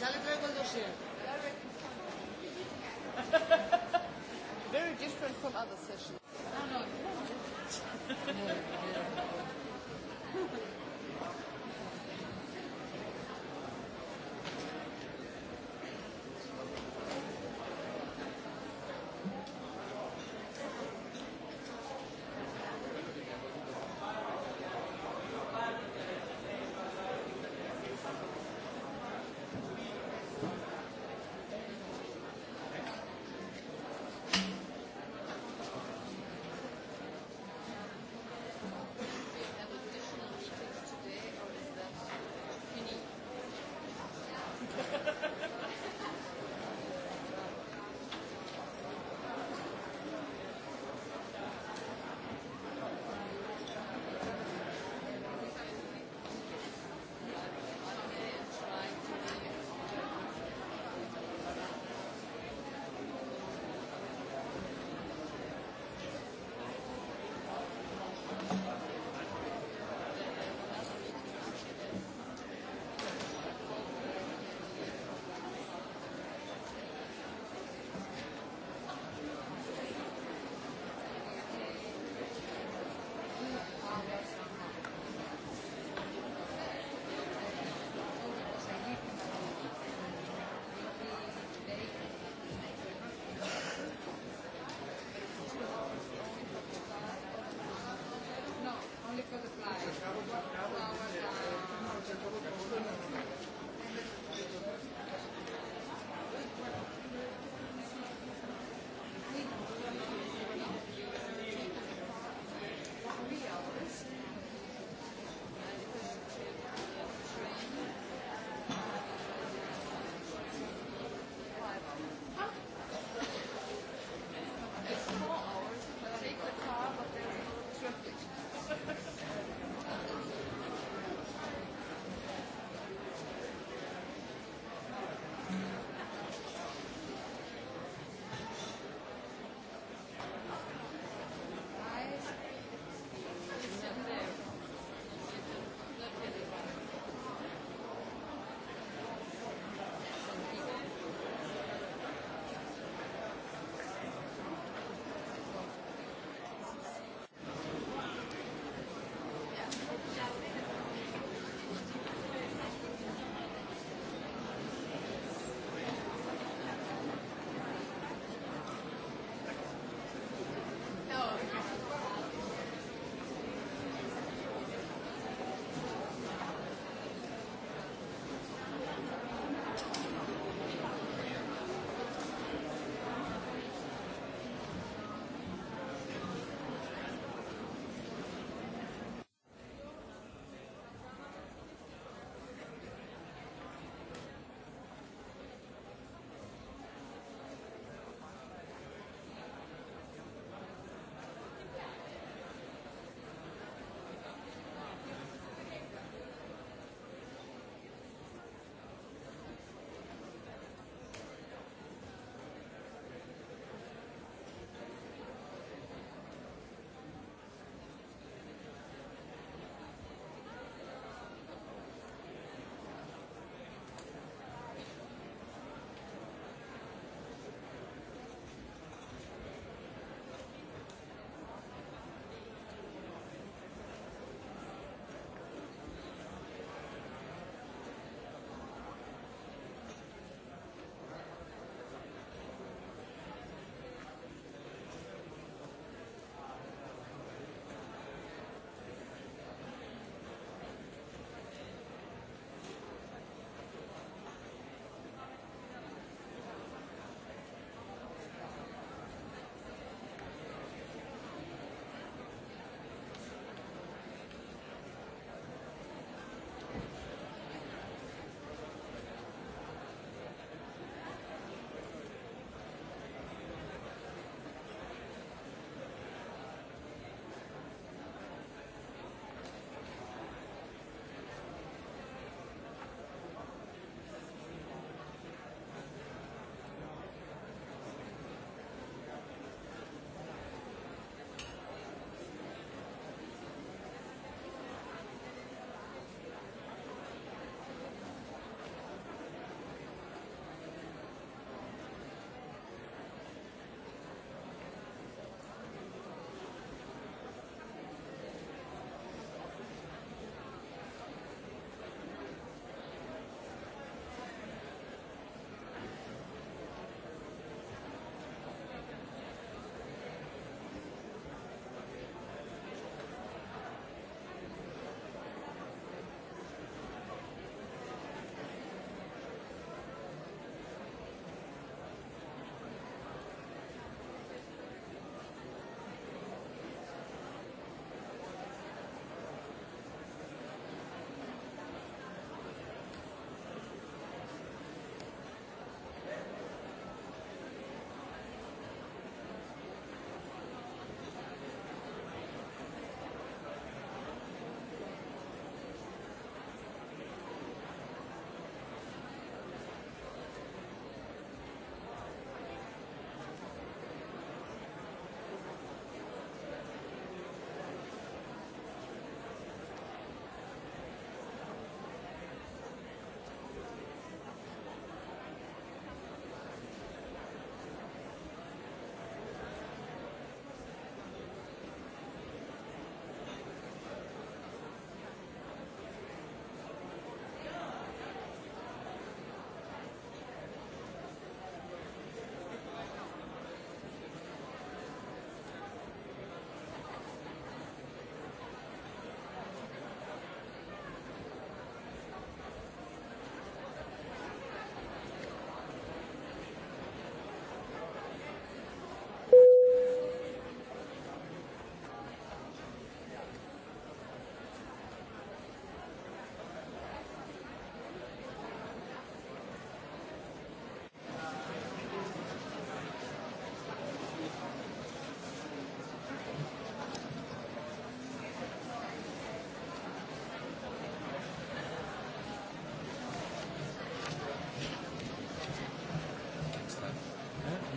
Ya le traigo el dossier. Very different from other sessions. No, no.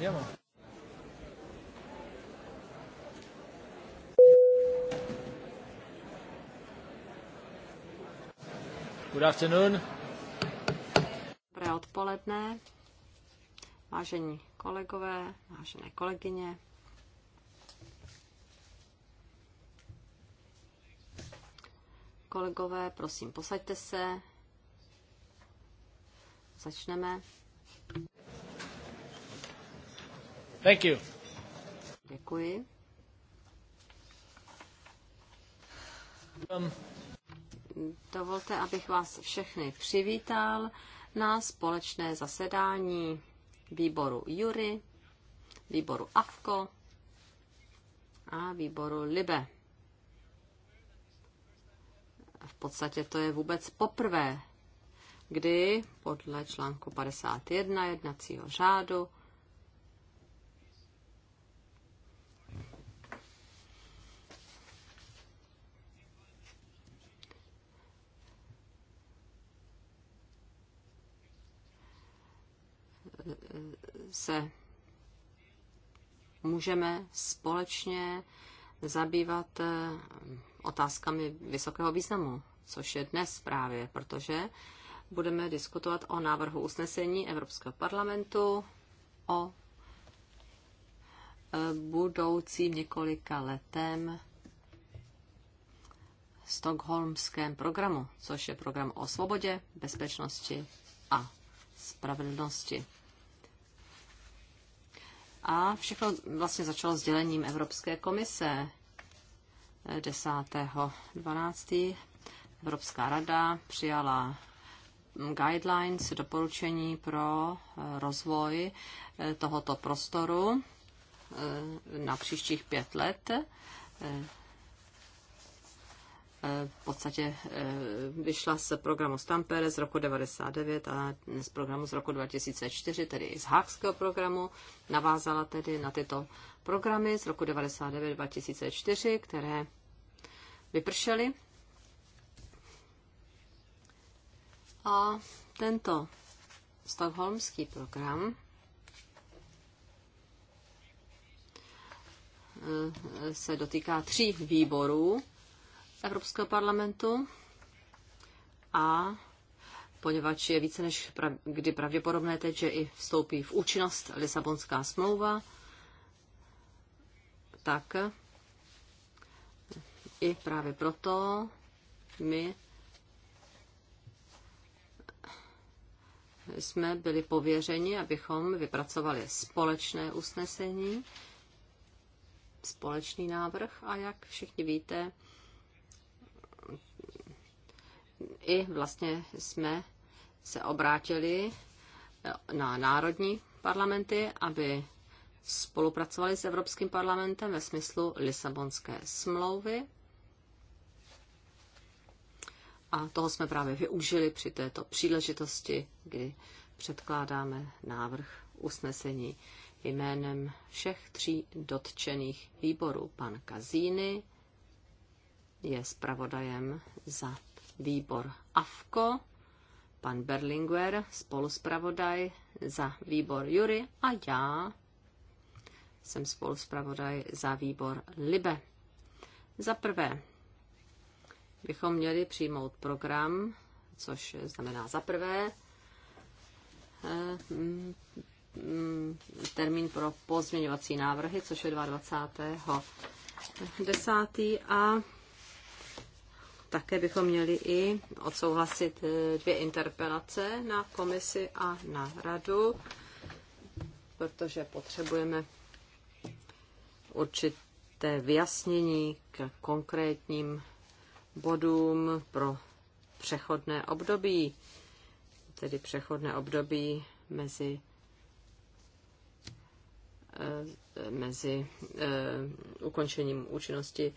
andiamo. Good afternoon. Dobré odpoledne, vážení kolegové, vážené kolegyně. Kolegové, prosím, posaďte se. Začneme. Děkuji. Um, Dovolte, abych vás všechny přivítal na společné zasedání výboru Jury, výboru AFKO a výboru LIBE. V podstatě to je vůbec poprvé, kdy podle článku 51 jednacího řádu se můžeme společně zabývat eh, otázkami vysokého významu, což je dnes právě, protože budeme diskutovat o návrhu usnesení Evropského parlamentu o eh, budoucím několika letem Stockholmském programu, což je program o svobodě, bezpečnosti a spravedlnosti. A všechno vlastně začalo sdělením Evropské komise 10.12. Evropská rada přijala guidelines, doporučení pro eh, rozvoj eh, tohoto prostoru eh, na příštích pět let v podstatě eh, vyšla z programu Stampere z roku 99 a z programu z roku 2004, tedy i z Hákského programu, navázala tedy na tyto programy z roku 99-2004, které vypršely. A tento Stockholmský program eh, se dotýká tří výborů Evropského parlamentu a poněvadž je více než prav, kdy pravděpodobné teď, že i vstoupí v účinnost Lisabonská smlouva, tak i právě proto my jsme byli pověřeni, abychom vypracovali společné usnesení, společný návrh a jak všichni víte, i vlastně jsme se obrátili eh, na národní parlamenty, aby spolupracovali s Evropským parlamentem ve smyslu Lisabonské smlouvy. A toho jsme právě využili při této příležitosti, kdy předkládáme návrh usnesení jménem všech tří dotčených výborů. Pan Kazíny je zpravodajem za výbor AFKO, pan Berlinguer, spoluspravodaj za výbor Jury a já jsem spoluspravodaj za výbor Libe. Za prvé bychom měli přijmout program, což znamená za prvé eh, termín pro pozměňovací návrhy, což je 22. 10. a také bychom měli i odsouhlasit eh, dvě interpelace na komisi a na radu, protože potřebujeme určité vyjasnění k konkrétním bodům pro přechodné období, tedy přechodné období mezi eh, mezi eh, ukončením účinnosti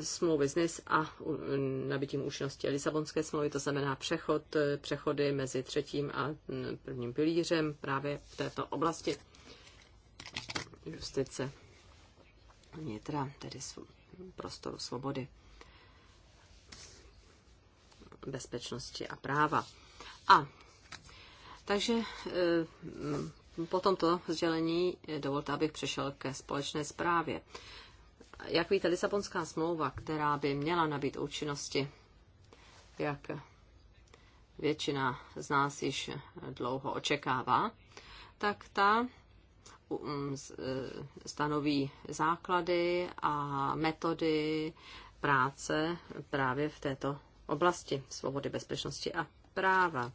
small business a nabitím účinnosti Lisabonské smlouvy, to znamená přechod, eh, přechody mezi třetím a mm, prvním pilířem právě v této oblasti justice vnitra, tedy prostoru svobody, bezpečnosti a práva. A takže eh, po tomto sdělení eh, dovolte, abych přešel ke společné zprávě jak víte, Lisabonská smlouva, která by měla nabít účinnosti, jak většina z nás již dlouho očekává, tak ta um, e, stanoví základy a metody práce právě v této oblasti svobody, bezpečnosti a práva.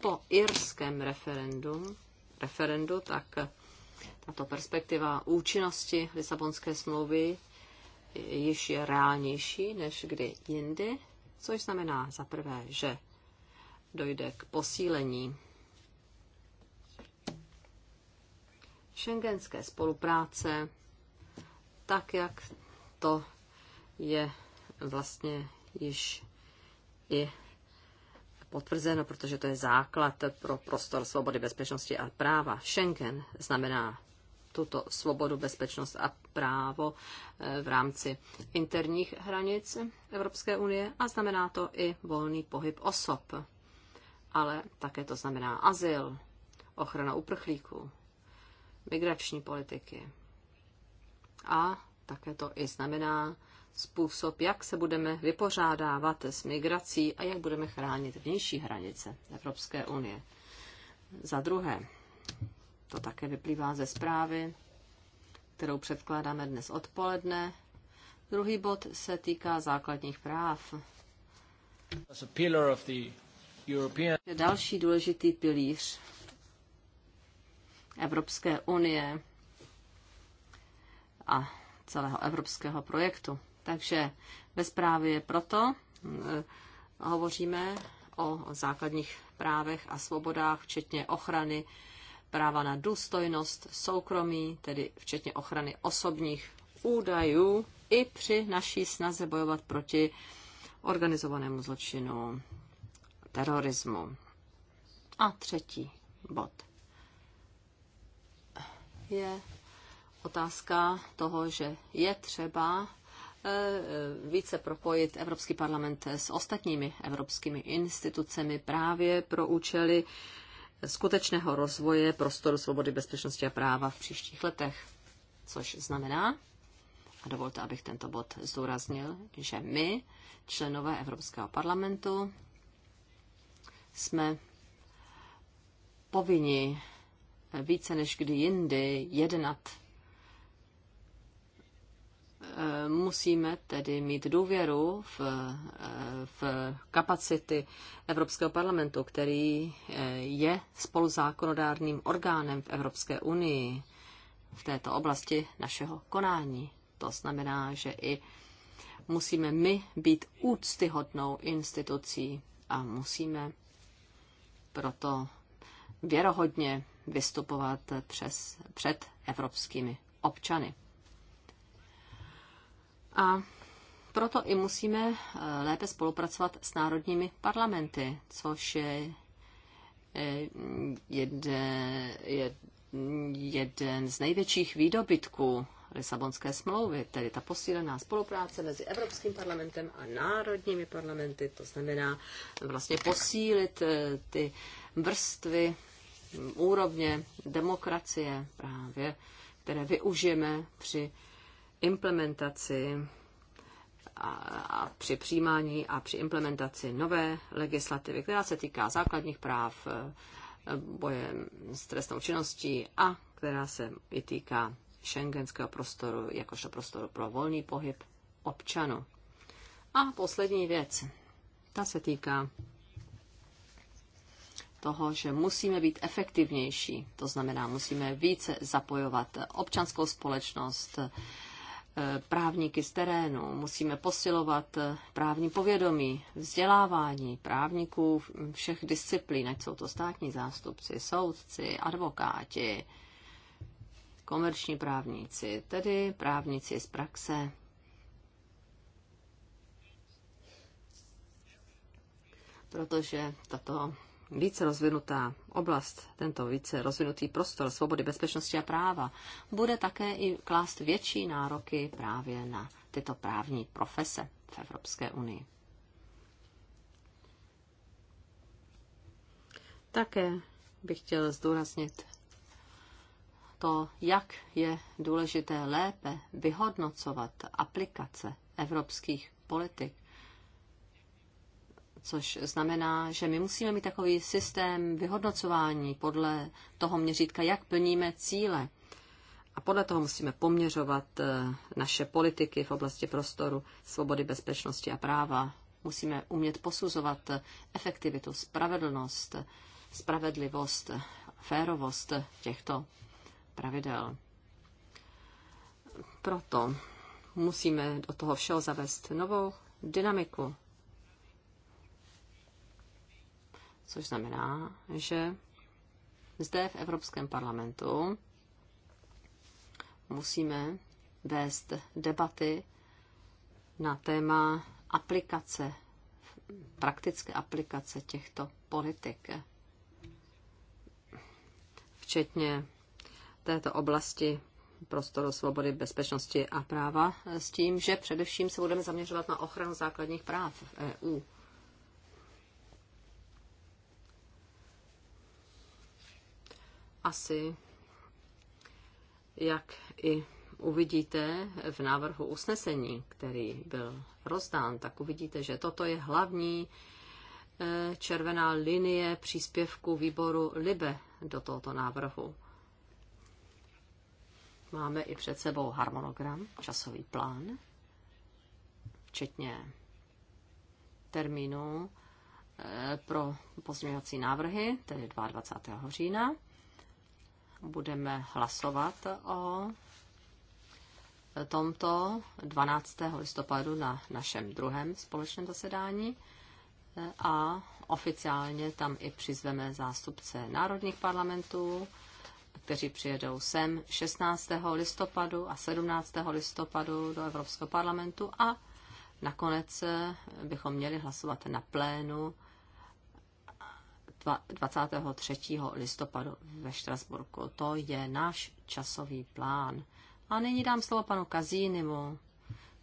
Po irském referendum, referendu tak tato perspektiva účinnosti Lisabonské smlouvy již je reálnější než kdy jindy, což znamená za prvé, že dojde k posílení šengenské spolupráce, tak jak to je vlastně již i potvrzeno, protože to je základ pro prostor svobody, bezpečnosti a práva. Schengen znamená tuto svobodu, bezpečnost a právo eh, v rámci interních hranic Evropské unie a znamená to i volný pohyb osob. Ale také to znamená azyl, ochrana uprchlíků, migrační politiky. A také to i znamená způsob, jak se budeme vypořádávat s migrací a jak budeme chránit vnější hranice Evropské unie. Za druhé, to také vyplývá ze zprávy, kterou předkládáme dnes odpoledne. Druhý bod se týká základních práv. Je další důležitý pilíř Evropské unie a celého evropského projektu. Takže ve zprávě proto eh, hovoříme o základních právech a svobodách, včetně ochrany práva na důstojnost, soukromí, tedy včetně ochrany osobních údajů i při naší snaze bojovat proti organizovanému zločinu, terorismu. A třetí bod je otázka toho, že je třeba eh, více propojit Evropský parlament s ostatními evropskými institucemi právě pro účely skutečného rozvoje prostoru svobody, bezpečnosti a práva v příštích letech. Což znamená, a dovolte, abych tento bod zdůraznil, že my, členové Evropského parlamentu, jsme povinni více než kdy jindy jednat Eh, musíme tedy mít důvěru v, eh, v kapacity Evropského parlamentu, který eh, je spoluzákonodárným orgánem v Evropské unii v této oblasti našeho konání. To znamená, že i musíme my být úctyhodnou institucí a musíme proto věrohodně vystupovat přes, před evropskými občany. A proto i musíme eh, lépe spolupracovat s národními parlamenty, což je eh, jeden, jeden z největších výdobytků Lisabonské smlouvy, tedy ta posílená spolupráce mezi Evropským parlamentem a národními parlamenty, to znamená vlastně posílit eh, ty vrstvy, mm, úrovně demokracie právě, které využijeme při implementaci a, při přijímání a při implementaci nové legislativy, která se týká základních práv, eh, boje s trestnou činností a která se i týká šengenského prostoru jakožto prostoru pro volný pohyb občanů. A poslední věc, ta se týká toho, že musíme být efektivnější. To znamená, musíme více zapojovat občanskou společnost, Eh, právníky z terénu, musíme posilovat eh, právní povědomí, vzdělávání právníků všech disciplín, ať jsou to státní zástupci, soudci, advokáti, komerční právníci, tedy právníci z praxe. Protože tato více rozvinutá oblast, tento více rozvinutý prostor svobody, bezpečnosti a práva, bude také i klást větší nároky právě na tyto právní profese v Evropské unii. Také bych chtěl zdůraznit to, jak je důležité lépe vyhodnocovat aplikace evropských politik což znamená, že my musíme mít takový systém vyhodnocování podle toho měřítka, jak plníme cíle. A podle toho musíme poměřovat eh, naše politiky v oblasti prostoru, svobody, bezpečnosti a práva. Musíme umět posuzovat eh, efektivitu, spravedlnost, spravedlivost, férovost těchto pravidel. Proto musíme do toho všeho zavést novou dynamiku, což znamená, že zde v Evropském parlamentu musíme vést debaty na téma aplikace, praktické aplikace těchto politik, včetně této oblasti prostoru svobody, bezpečnosti a práva s tím, že především se budeme zaměřovat na ochranu základních práv v EU. asi, jak i uvidíte v návrhu usnesení, který byl rozdán, tak uvidíte, že toto je hlavní eh, červená linie příspěvku výboru LIBE do tohoto návrhu. Máme i před sebou harmonogram, časový plán, včetně termínu eh, pro pozměňovací návrhy, tedy 22. října budeme hlasovat o tomto 12. listopadu na našem druhém společném zasedání a oficiálně tam i přizveme zástupce národních parlamentů, kteří přijedou sem 16. listopadu a 17. listopadu do Evropského parlamentu a nakonec bychom měli hlasovat na plénu 23. listopadu ve Štrasburku. To je náš časový plán. A nyní dám slovo panu Kazínimu,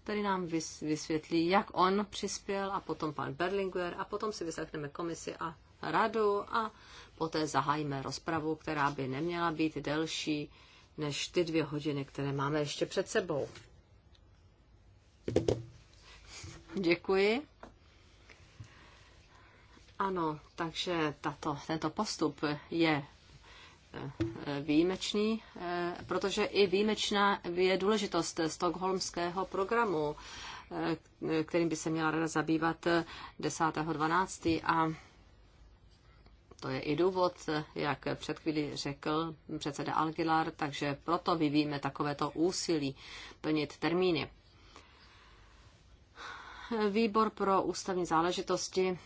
který nám vysvětlí, jak on přispěl, a potom pan Berlinguer, a potom si vyslechneme komisi a radu a poté zahájíme rozpravu, která by neměla být delší než ty dvě hodiny, které máme ještě před sebou. Děkuji. Ano, takže tato, tento postup je eh, výjimečný, eh, protože i výjimečná je důležitost stokholmského programu, eh, kterým by se měla rada zabývat 10.12. a to je i důvod, jak před chvíli řekl předseda Algilar, takže proto vyvíjíme takovéto úsilí plnit termíny. Výbor pro ústavní záležitosti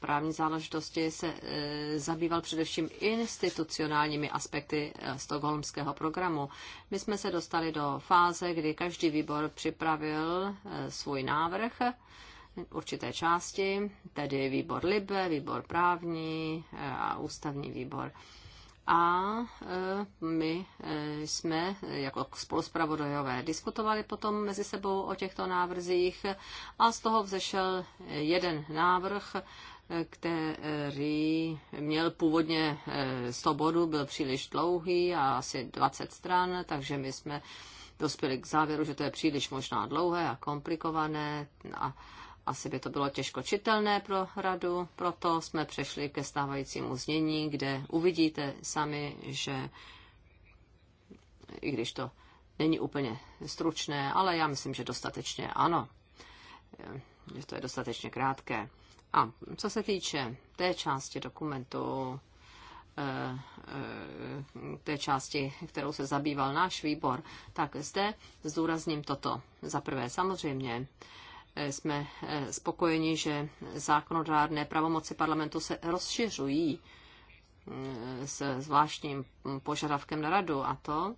právní záležitosti se e, zabýval především institucionálními aspekty e, stokholmského programu. My jsme se dostali do fáze, kdy každý výbor připravil e, svůj návrh určité části, tedy výbor LIBE, výbor právní a ústavní výbor. A e, my e, jsme jako spoluspravodajové diskutovali potom mezi sebou o těchto návrzích a z toho vzešel jeden návrh, který měl původně 100 e, bodů, byl příliš dlouhý a asi 20 stran, takže my jsme dospěli k závěru, že to je příliš možná dlouhé a komplikované a asi by to bylo těžko čitelné pro radu, proto jsme přešli ke stávajícímu znění, kde uvidíte sami, že i když to není úplně stručné, ale já myslím, že dostatečně ano, že to je dostatečně krátké. A co se týče té části dokumentu, eh, eh, té části, kterou se zabýval náš výbor, tak zde zdůrazním toto. Za prvé, samozřejmě, jsme eh, spokojeni, že zákonodárné pravomoci parlamentu se rozšiřují eh, s zvláštním požadavkem na radu a to,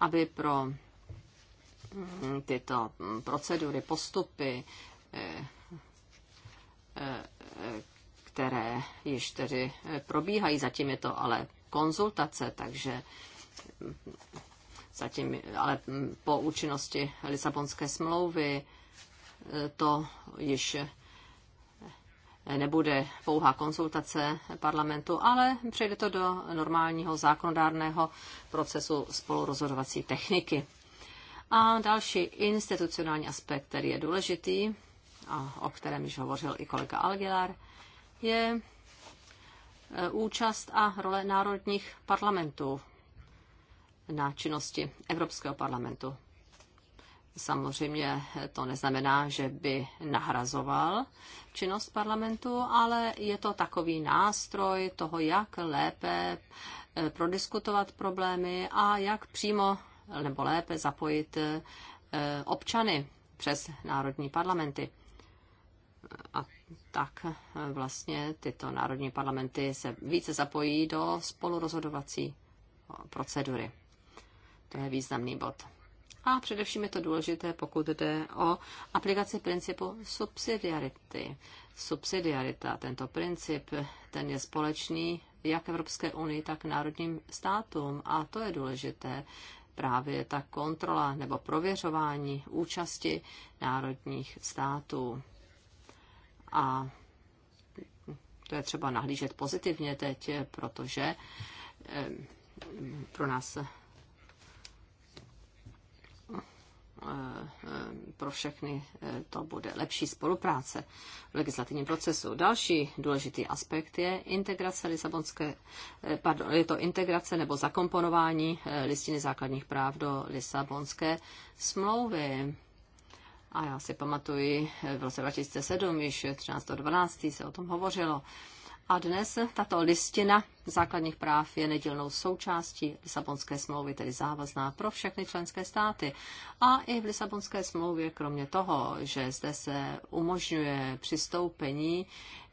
aby pro mm, tyto procedury, postupy, eh, které již tedy probíhají, zatím je to ale konzultace, takže mm, zatím, ale mm, po účinnosti Lisabonské smlouvy to již nebude pouhá konzultace parlamentu, ale přejde to do normálního zákonodárného procesu spolurozhodovací techniky. A další institucionální aspekt, který je důležitý, a o kterém již hovořil i kolega Algilar, je e, účast a role národních parlamentů na činnosti Evropského parlamentu. Samozřejmě to neznamená, že by nahrazoval činnost parlamentu, ale je to takový nástroj toho, jak lépe eh, prodiskutovat problémy a jak přímo nebo lépe zapojit eh, občany přes národní parlamenty. A tak eh, vlastně tyto národní parlamenty se více zapojí do spolurozhodovací procedury. To je významný bod. A především je to důležité, pokud jde o aplikaci principu subsidiarity. Subsidiarita, tento princip, ten je společný jak Evropské unii, tak národním státům. A to je důležité, právě ta kontrola nebo prověřování účasti národních států. A to je třeba nahlížet pozitivně teď, protože eh, pro nás Eh, eh, pro všechny eh, to bude lepší spolupráce v legislativním procesu. Další důležitý aspekt je integrace Lisabonské, pardon, je to integrace nebo zakomponování listiny základních práv do Lisabonské smlouvy. A já si pamatuji, v roce 2007, již 13.12. se o tom hovořilo, a dnes tato listina základních práv je nedílnou součástí Lisabonské smlouvy, tedy závazná pro všechny členské státy. A i v Lisabonské smlouvě, kromě toho, že zde se umožňuje přistoupení,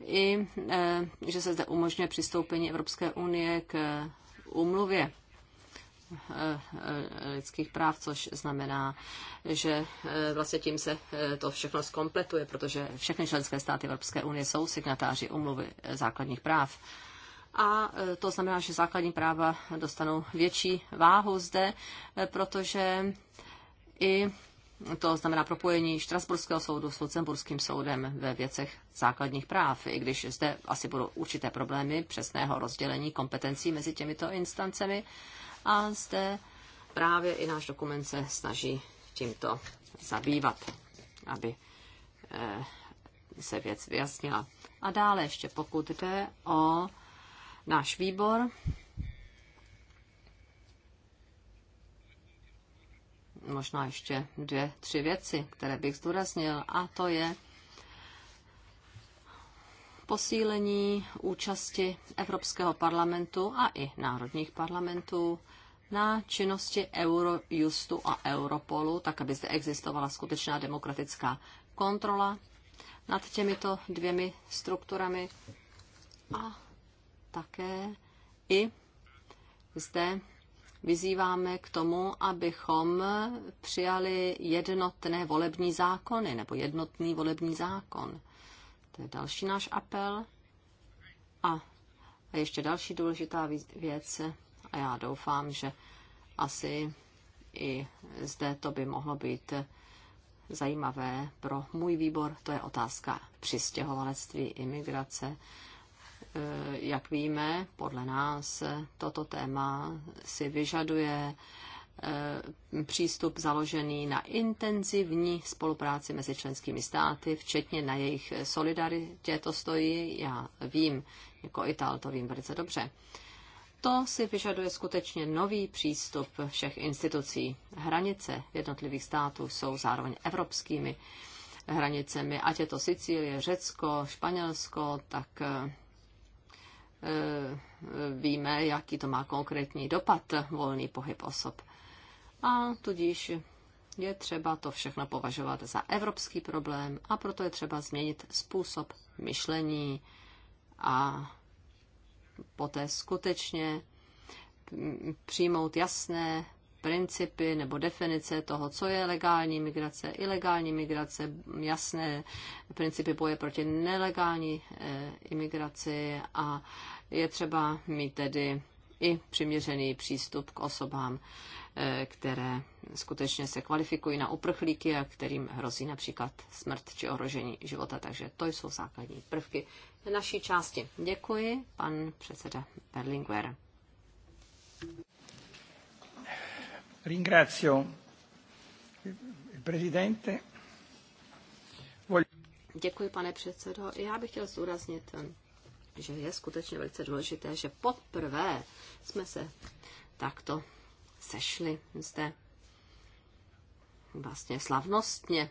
i eh, že se zde umožňuje přistoupení Evropské unie k úmluvě Eh, eh, lidských práv, což znamená, že eh, vlastně tím se to všechno zkompletuje, protože všechny členské státy Evropské unie jsou signatáři umluvy základních práv a to znamená, že základní práva dostanou větší váhu zde, protože i to znamená propojení Štrasburského soudu s Lucemburským soudem ve věcech základních práv, i když zde asi budou určité problémy přesného rozdělení kompetencí mezi těmito instancemi, a zde právě i náš dokument se snaží tímto zabývat, aby eh, se věc vyjasnila. A dále ještě, pokud jde o náš výbor, možná ještě dvě, tři věci, které bych zdůraznil, a to je posílení účasti Evropského parlamentu a i národních parlamentů na činnosti Eurojustu a Europolu, tak aby zde existovala skutečná demokratická kontrola nad těmito dvěmi strukturami a také i zde vyzýváme k tomu, abychom přijali jednotné volební zákony nebo jednotný volební zákon. To je další náš apel. A, a ještě další důležitá věc. A já doufám, že asi i zde to by mohlo být zajímavé pro můj výbor. To je otázka přistěhovalectví, imigrace. E, jak víme, podle nás toto téma si vyžaduje Eh, přístup založený na intenzivní spolupráci mezi členskými státy, včetně na jejich solidaritě to stojí. Já vím, jako Ital to vím velice dobře. To si vyžaduje skutečně nový přístup všech institucí. Hranice jednotlivých států jsou zároveň evropskými hranicemi, ať je to Sicílie, Řecko, Španělsko, tak eh, eh, víme, jaký to má konkrétní dopad volný pohyb osob a tudíž je třeba to všechno považovat za evropský problém a proto je třeba změnit způsob myšlení a poté skutečně přijmout jasné principy nebo definice toho, co je legální migrace, ilegální migrace, jasné principy boje proti nelegální e, imigraci a je třeba mít tedy i přiměřený přístup k osobám, Eh, které skutečně se kvalifikují na uprchlíky a kterým hrozí například smrt či ohrožení života. Takže to jsou základní prvky naší části. Děkuji, pan předseda Berlinguer. Ringrazio prezidente. presidente. Děkuji, pane předsedo. Já bych chtěl zúraznit, že je skutečně velice důležité, že poprvé jsme se takto sešli zde vlastně slavnostně,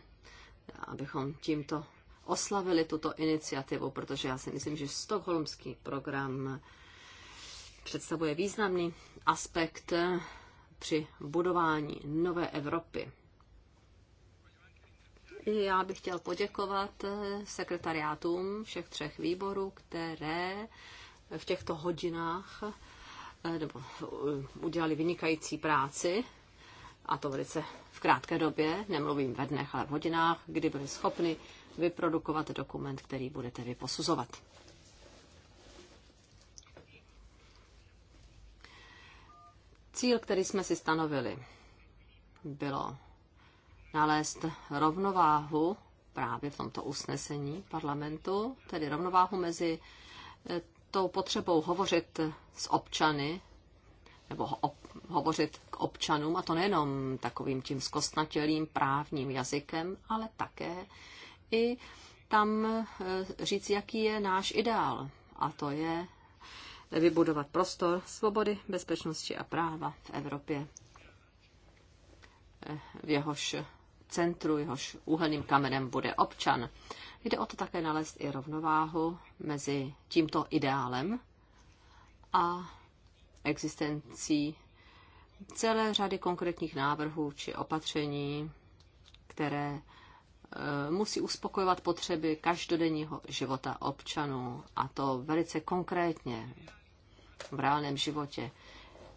abychom tímto oslavili tuto iniciativu, protože já si myslím, že stokholmský program představuje významný aspekt při budování nové Evropy. Já bych chtěl poděkovat sekretariátům všech třech výborů, které v těchto hodinách Eh, nebo eh, udělali vynikající práci, a to velice v krátké době, nemluvím ve dnech, ale v hodinách, kdy byli schopni vyprodukovat dokument, který budete vy posuzovat. Cíl, který jsme si stanovili, bylo nalézt rovnováhu právě v tomto usnesení parlamentu, tedy rovnováhu mezi eh, tou potřebou hovořit s občany, nebo ho, hovořit k občanům, a to nejenom takovým tím zkostnatělým právním jazykem, ale také i tam eh, říct, jaký je náš ideál. A to je vybudovat prostor svobody, bezpečnosti a práva v Evropě. Eh, v jehož centru, jehož úhelným kamenem bude občan. Jde o to také nalézt i rovnováhu mezi tímto ideálem a existencí celé řady konkrétních návrhů či opatření, které e, musí uspokojovat potřeby každodenního života občanů a to velice konkrétně v reálném životě,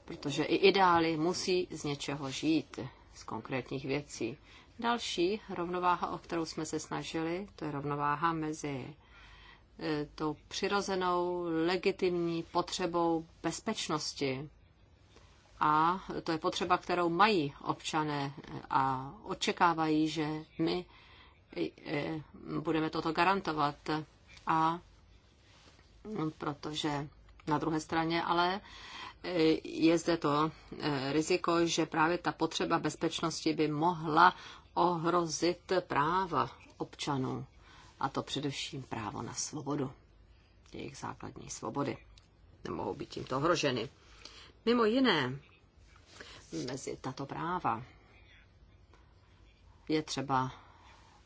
protože i ideály musí z něčeho žít, z konkrétních věcí. Další rovnováha, o kterou jsme se snažili, to je rovnováha mezi e, tou přirozenou legitimní potřebou bezpečnosti. A to je potřeba, kterou mají občané a očekávají, že my e, e, budeme toto garantovat. A protože na druhé straně ale je zde to riziko, že právě ta potřeba bezpečnosti by mohla ohrozit práva občanů, a to především právo na svobodu. Jejich základní svobody nemohou být tímto ohroženy. Mimo jiné, mezi tato práva je třeba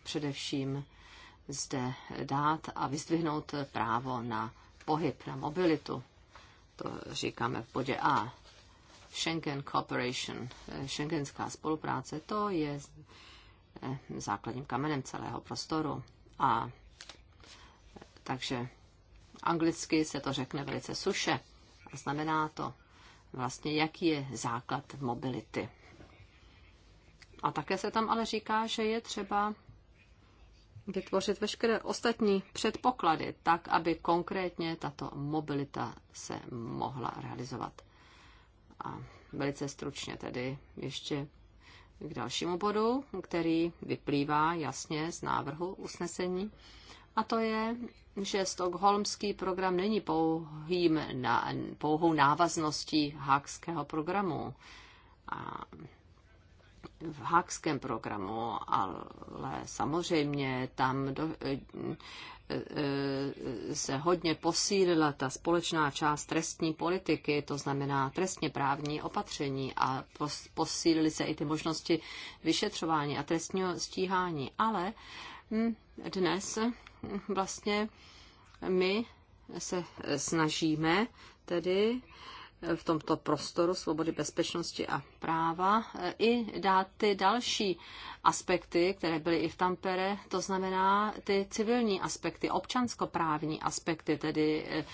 především zde dát a vyzdvihnout právo na pohyb, na mobilitu. To říkáme v bodě A. Schengen Cooperation, eh, Schengenská spolupráce, to je Eh, základním kamenem celého prostoru. A takže anglicky se to řekne velice suše. A znamená to vlastně, jaký je základ mobility. A také se tam ale říká, že je třeba vytvořit veškeré ostatní předpoklady tak, aby konkrétně tato mobilita se mohla realizovat. A velice stručně tedy ještě k dalšímu bodu, který vyplývá jasně z návrhu usnesení. A to je, že stokholmský program není pouhým na, pouhou návazností hákského programu. A v Hákském programu, ale samozřejmě tam do, eh, eh, se hodně posílila ta společná část trestní politiky, to znamená trestně právní opatření a posílily se i ty možnosti vyšetřování a trestního stíhání. Ale hm, dnes hm, vlastně my se snažíme tedy v tomto prostoru svobody, bezpečnosti a práva i dát ty další aspekty, které byly i v Tampere, to znamená ty civilní aspekty, občanskoprávní aspekty, tedy eh,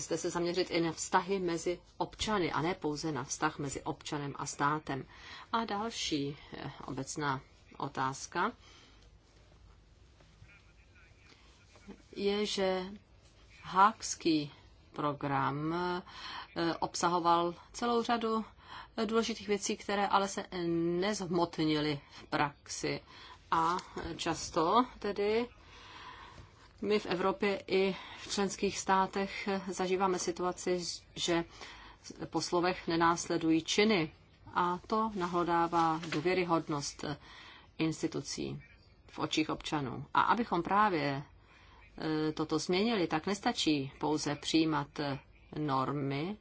zde se zaměřit i na vztahy mezi občany a ne pouze na vztah mezi občanem a státem. A další eh, obecná otázka je, že hákský program eh, obsahoval celou řadu eh, důležitých věcí, které ale se nezhmotnily v praxi. A často tedy my v Evropě i v členských státech eh, zažíváme situaci, že po slovech nenásledují činy a to nahlodává důvěryhodnost institucí v očích občanů. A abychom právě Eh, toto změnili, tak nestačí pouze přijímat eh, normy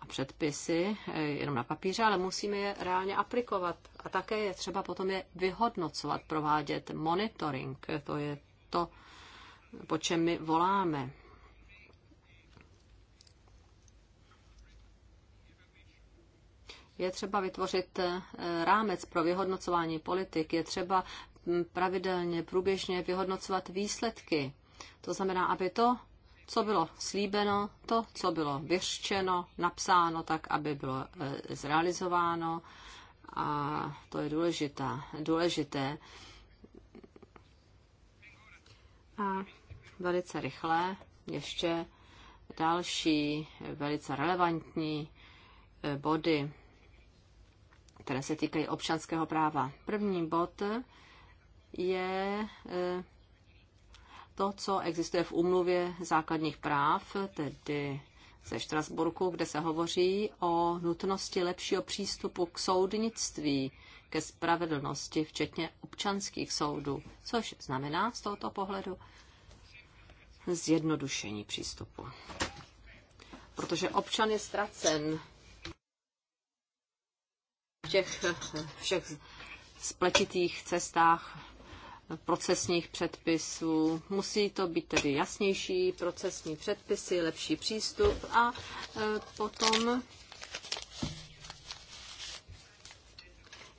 a předpisy eh, jenom na papíře, ale musíme je reálně aplikovat. A také je třeba potom je vyhodnocovat, provádět monitoring. To je to, po čem my voláme. Je třeba vytvořit rámec pro vyhodnocování politik, je třeba hm, pravidelně, průběžně vyhodnocovat výsledky to znamená, aby to, co bylo slíbeno, to, co bylo vyřčeno, napsáno, tak, aby bylo e, zrealizováno. A to je důležitá, důležité. A velice rychle ještě další velice relevantní e, body, které se týkají občanského práva. První bod je e, to, co existuje v úmluvě základních práv, tedy ze Štrasburku, kde se hovoří o nutnosti lepšího přístupu k soudnictví, ke spravedlnosti, včetně občanských soudů, což znamená z tohoto pohledu zjednodušení přístupu. Protože občan je ztracen v těch všech spletitých cestách procesních předpisů. Musí to být tedy jasnější procesní předpisy, lepší přístup a e, potom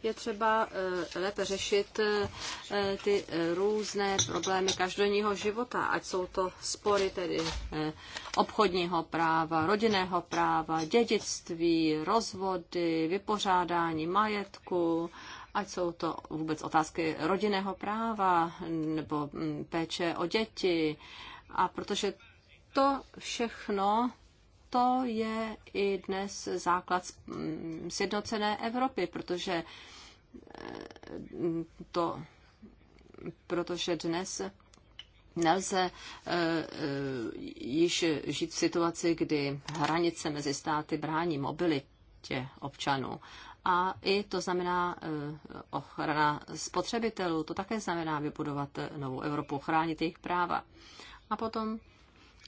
je třeba e, lépe řešit e, ty různé problémy každodenního života, ať jsou to spory tedy obchodního práva, rodinného práva, dědictví, rozvody, vypořádání majetku ať jsou to vůbec otázky rodinného práva nebo mm, péče o děti. A protože to všechno to je i dnes základ mm, sjednocené Evropy, protože eh, to, protože dnes nelze eh, eh, již žít v situaci, kdy hranice mezi státy brání mobilitě občanů a i to znamená eh, ochrana spotřebitelů. To také znamená vybudovat novou Evropu, chránit jejich práva. A potom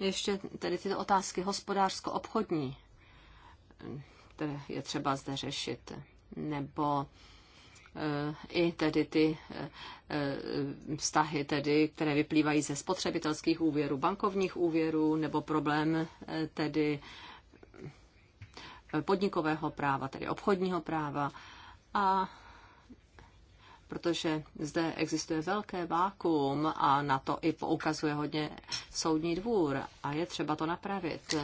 ještě tedy tyto otázky hospodářsko-obchodní, které je třeba zde řešit, nebo eh, i tedy ty eh, vztahy, tedy, které vyplývají ze spotřebitelských úvěrů, bankovních úvěrů, nebo problém tedy podnikového práva, tedy obchodního práva. A protože zde existuje velké vákuum a na to i poukazuje hodně soudní dvůr a je třeba to napravit. Eh,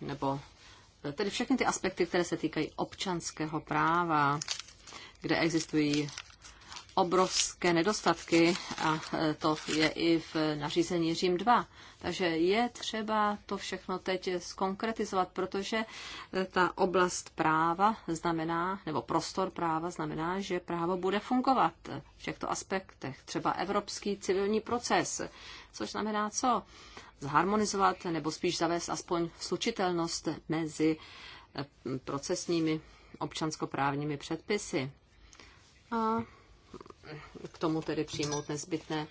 nebo tedy všechny ty aspekty, které se týkají občanského práva, kde existují obrovské nedostatky a e, to je i v nařízení Řím 2. Takže je třeba to všechno teď skonkretizovat, protože e, ta oblast práva znamená, nebo prostor práva znamená, že právo bude fungovat v těchto aspektech. Třeba evropský civilní proces, což znamená co? Zharmonizovat nebo spíš zavést aspoň slučitelnost mezi e, procesními občanskoprávními předpisy. A k tomu tedy přijmout nezbytné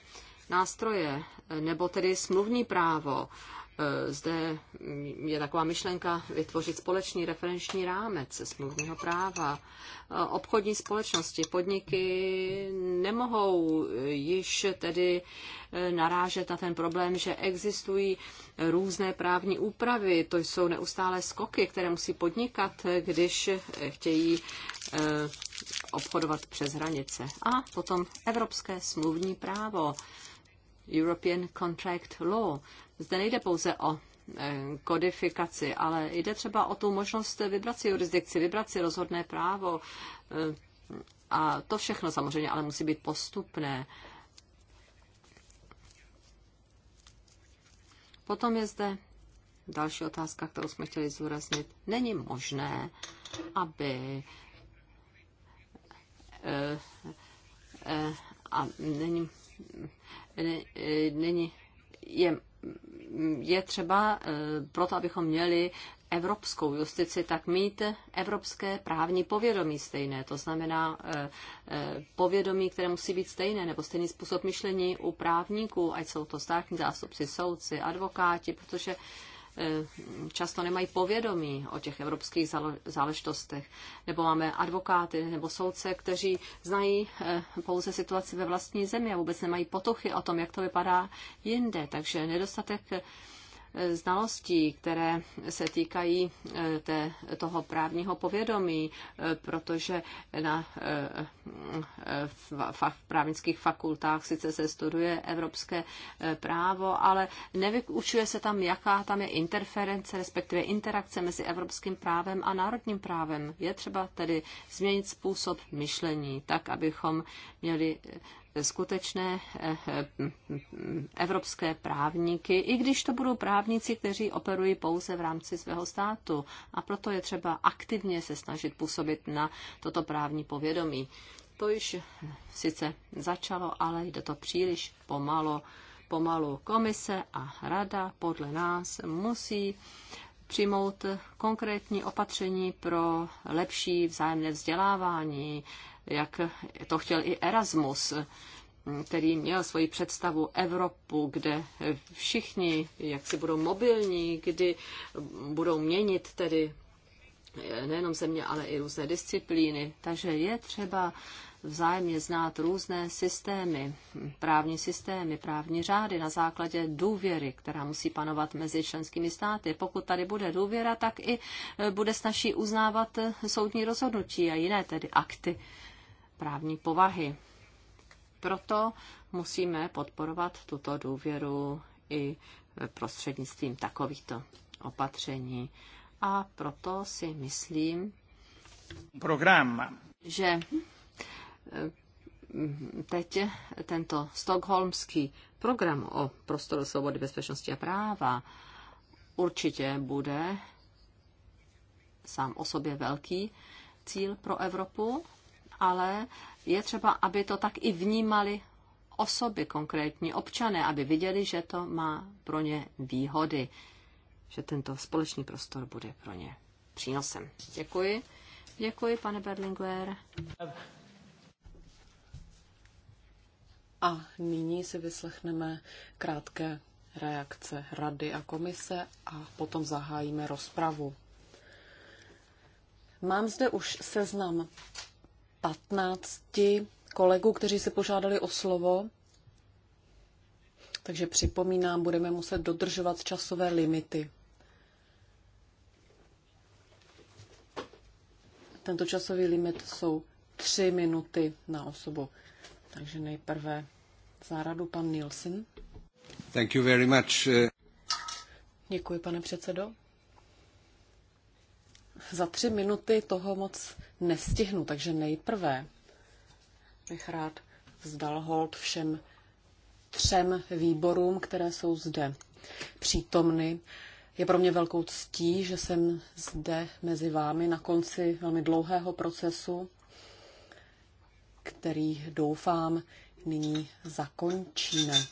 nástroje, nebo tedy smluvní právo. E, zde je taková myšlenka vytvořit společný referenční rámec smluvního práva. E, obchodní společnosti, podniky nemohou již tedy e, narážet na ten problém, že existují různé právní úpravy. To jsou neustále skoky, které musí podnikat, když chtějí obchodovat přes hranice. A potom evropské smluvní právo, European Contract Law. Zde nejde pouze o eh, kodifikaci, ale jde třeba o tu možnost vybrat si jurisdikci, vybrat si rozhodné právo. Eh, a to všechno samozřejmě ale musí být postupné. Potom je zde další otázka, kterou jsme chtěli zúraznit. Není možné, aby Eh, eh, a není, eh, není je, je třeba proto, abychom měli evropskou justici, tak mít evropské právní povědomí stejné. To znamená povědomí, které musí být stejné, nebo stejný způsob myšlení u právníků, ať jsou to státní zástupci, soudci, advokáti, protože Eh, často nemají povědomí o těch evropských záležitostech. Nebo máme advokáty nebo soudce, kteří znají eh, pouze situaci ve vlastní zemi a vůbec nemají potuchy o tom, jak to vypadá jinde. Takže nedostatek znalostí, které se týkají eh, té, toho právního povědomí, eh, protože na v, v, v právnických fakultách sice se studuje evropské eh, právo, ale nevyučuje se tam, jaká tam je interference, respektive interakce mezi evropským právem a národním právem. Je třeba tedy změnit způsob myšlení, tak abychom měli skutečné eh, evropské právníky, i když to budou právníci, kteří operují pouze v rámci svého státu. A proto je třeba aktivně se snažit působit na toto právní povědomí. To již sice začalo, ale jde to příliš pomalo. Pomalu komise a rada podle nás musí přijmout konkrétní opatření pro lepší vzájemné vzdělávání, jak to chtěl i Erasmus, který měl svoji představu Evropu, kde všichni jak si budou mobilní, kdy budou měnit tedy eh, nejenom země, ale i různé disciplíny. Takže je třeba vzájemně znát různé systémy, právní systémy, právní řády na základě důvěry, která musí panovat mezi členskými státy. Pokud tady bude důvěra, tak i eh, bude snaží uznávat eh, soudní rozhodnutí a jiné tedy akty právní povahy. Proto musíme podporovat tuto důvěru i prostřednictvím takovýchto opatření. A proto si myslím, Program. že eh, teď tento stokholmský program o prostoru svobody, bezpečnosti a práva určitě bude sám o sobě velký cíl pro Evropu ale je třeba, aby to tak i vnímali osoby, konkrétní občané, aby viděli, že to má pro ně výhody, že tento společný prostor bude pro ně přínosem. Děkuji. Děkuji, pane Berlinguer. A nyní si vyslechneme krátké reakce rady a komise a potom zahájíme rozpravu. Mám zde už seznam 15 kolegů, kteří si požádali o slovo. Takže připomínám, budeme muset dodržovat časové limity. Tento časový limit jsou tři minuty na osobu. Takže nejprve záradu pan Nielsen. Thank you very much. Eh. Děkuji, pane předsedo. Za tři minuty toho moc nestihnu, takže nejprve bych rád vzdal hold všem třem výborům, které jsou zde přítomny. Je pro mě velkou ctí, že jsem zde mezi vámi na konci velmi dlouhého procesu, který doufám nyní zakončíme.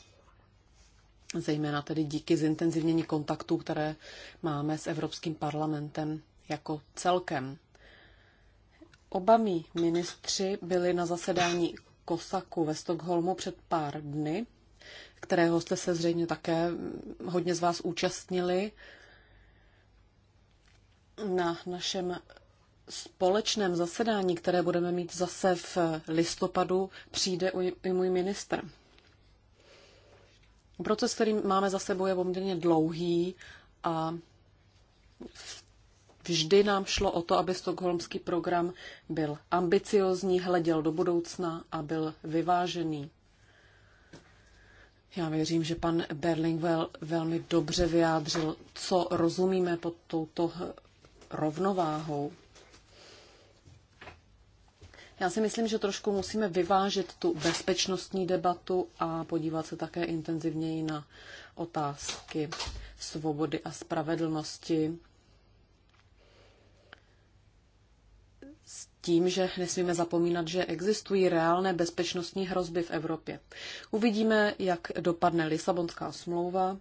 Zejména tedy díky zintenzivnění kontaktů, které máme s Evropským parlamentem jako celkem. Oba mý ministři byli na zasedání Kosaku ve Stockholmu před pár dny, kterého jste se zřejmě také hodně z vás účastnili. Na našem společném zasedání, které budeme mít zase v listopadu, přijde i můj ministr. Proces, který máme za sebou, je poměrně dlouhý a v Vždy nám šlo o to, aby stokholmský program byl ambiciozní, hleděl do budoucna a byl vyvážený. Já věřím, že pan Berlingwell velmi dobře vyjádřil, co rozumíme pod touto rovnováhou. Já si myslím, že trošku musíme vyvážit tu bezpečnostní debatu a podívat se také intenzivněji na otázky svobody a spravedlnosti, tím, že nesmíme zapomínat, že existují reálné bezpečnostní hrozby v Evropě. Uvidíme, jak dopadne Lisabonská smlouva.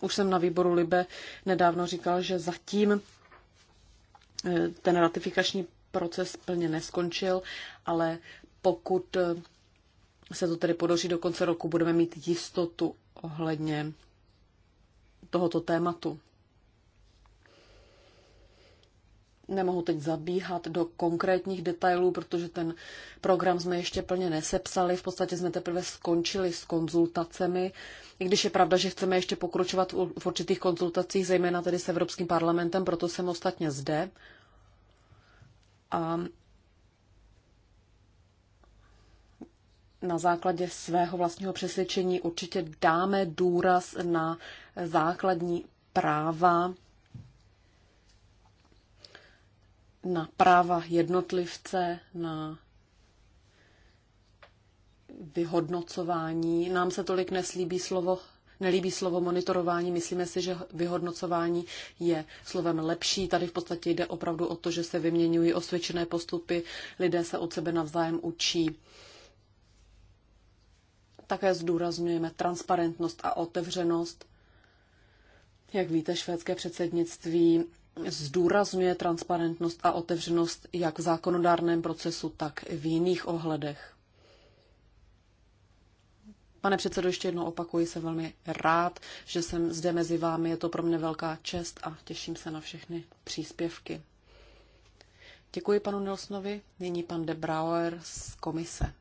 Už jsem na výboru Libe nedávno říkal, že zatím eh, ten ratifikační proces plně neskončil, ale pokud eh, se to tedy podaří do konce roku, budeme mít jistotu ohledně tohoto tématu. Nemohu teď zabíhat do konkrétních detailů, protože ten program jsme ještě plně nesepsali. V podstatě jsme teprve skončili s konzultacemi, i když je pravda, že chceme ještě pokročovat v určitých konzultacích, zejména tedy s Evropským parlamentem, proto jsem ostatně zde. A na základě svého vlastního přesvědčení určitě dáme důraz na základní práva na práva jednotlivce, na vyhodnocování. Nám se tolik neslíbí slovo, nelíbí slovo monitorování. Myslíme si, že vyhodnocování je slovem lepší. Tady v podstatě jde opravdu o to, že se vyměňují osvědčené postupy, lidé se od sebe navzájem učí. Také zdůrazňujeme transparentnost a otevřenost. Jak víte, švédské předsednictví zdůrazňuje transparentnost a otevřenost jak v zákonodárném procesu, tak v jiných ohledech. Pane předsedo, ještě jednou opakuji, jsem velmi rád, že jsem zde mezi vámi. Je to pro mě velká čest a těším se na všechny příspěvky. Děkuji panu Nilsnovi. Nyní pan De Brauer z komise.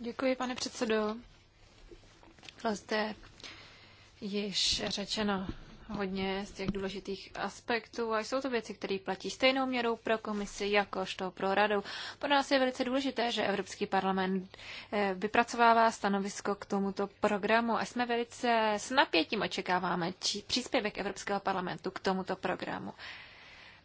Děkuji, pane předsedo. Bylo zde již řečeno hodně z těch důležitých aspektů a jsou to věci, které platí stejnou měrou pro komisi, jakožto pro radu. Pro nás je velice důležité, že Evropský parlament eh, vypracovává stanovisko k tomuto programu a jsme velice s napětím očekáváme či příspěvek Evropského parlamentu k tomuto programu.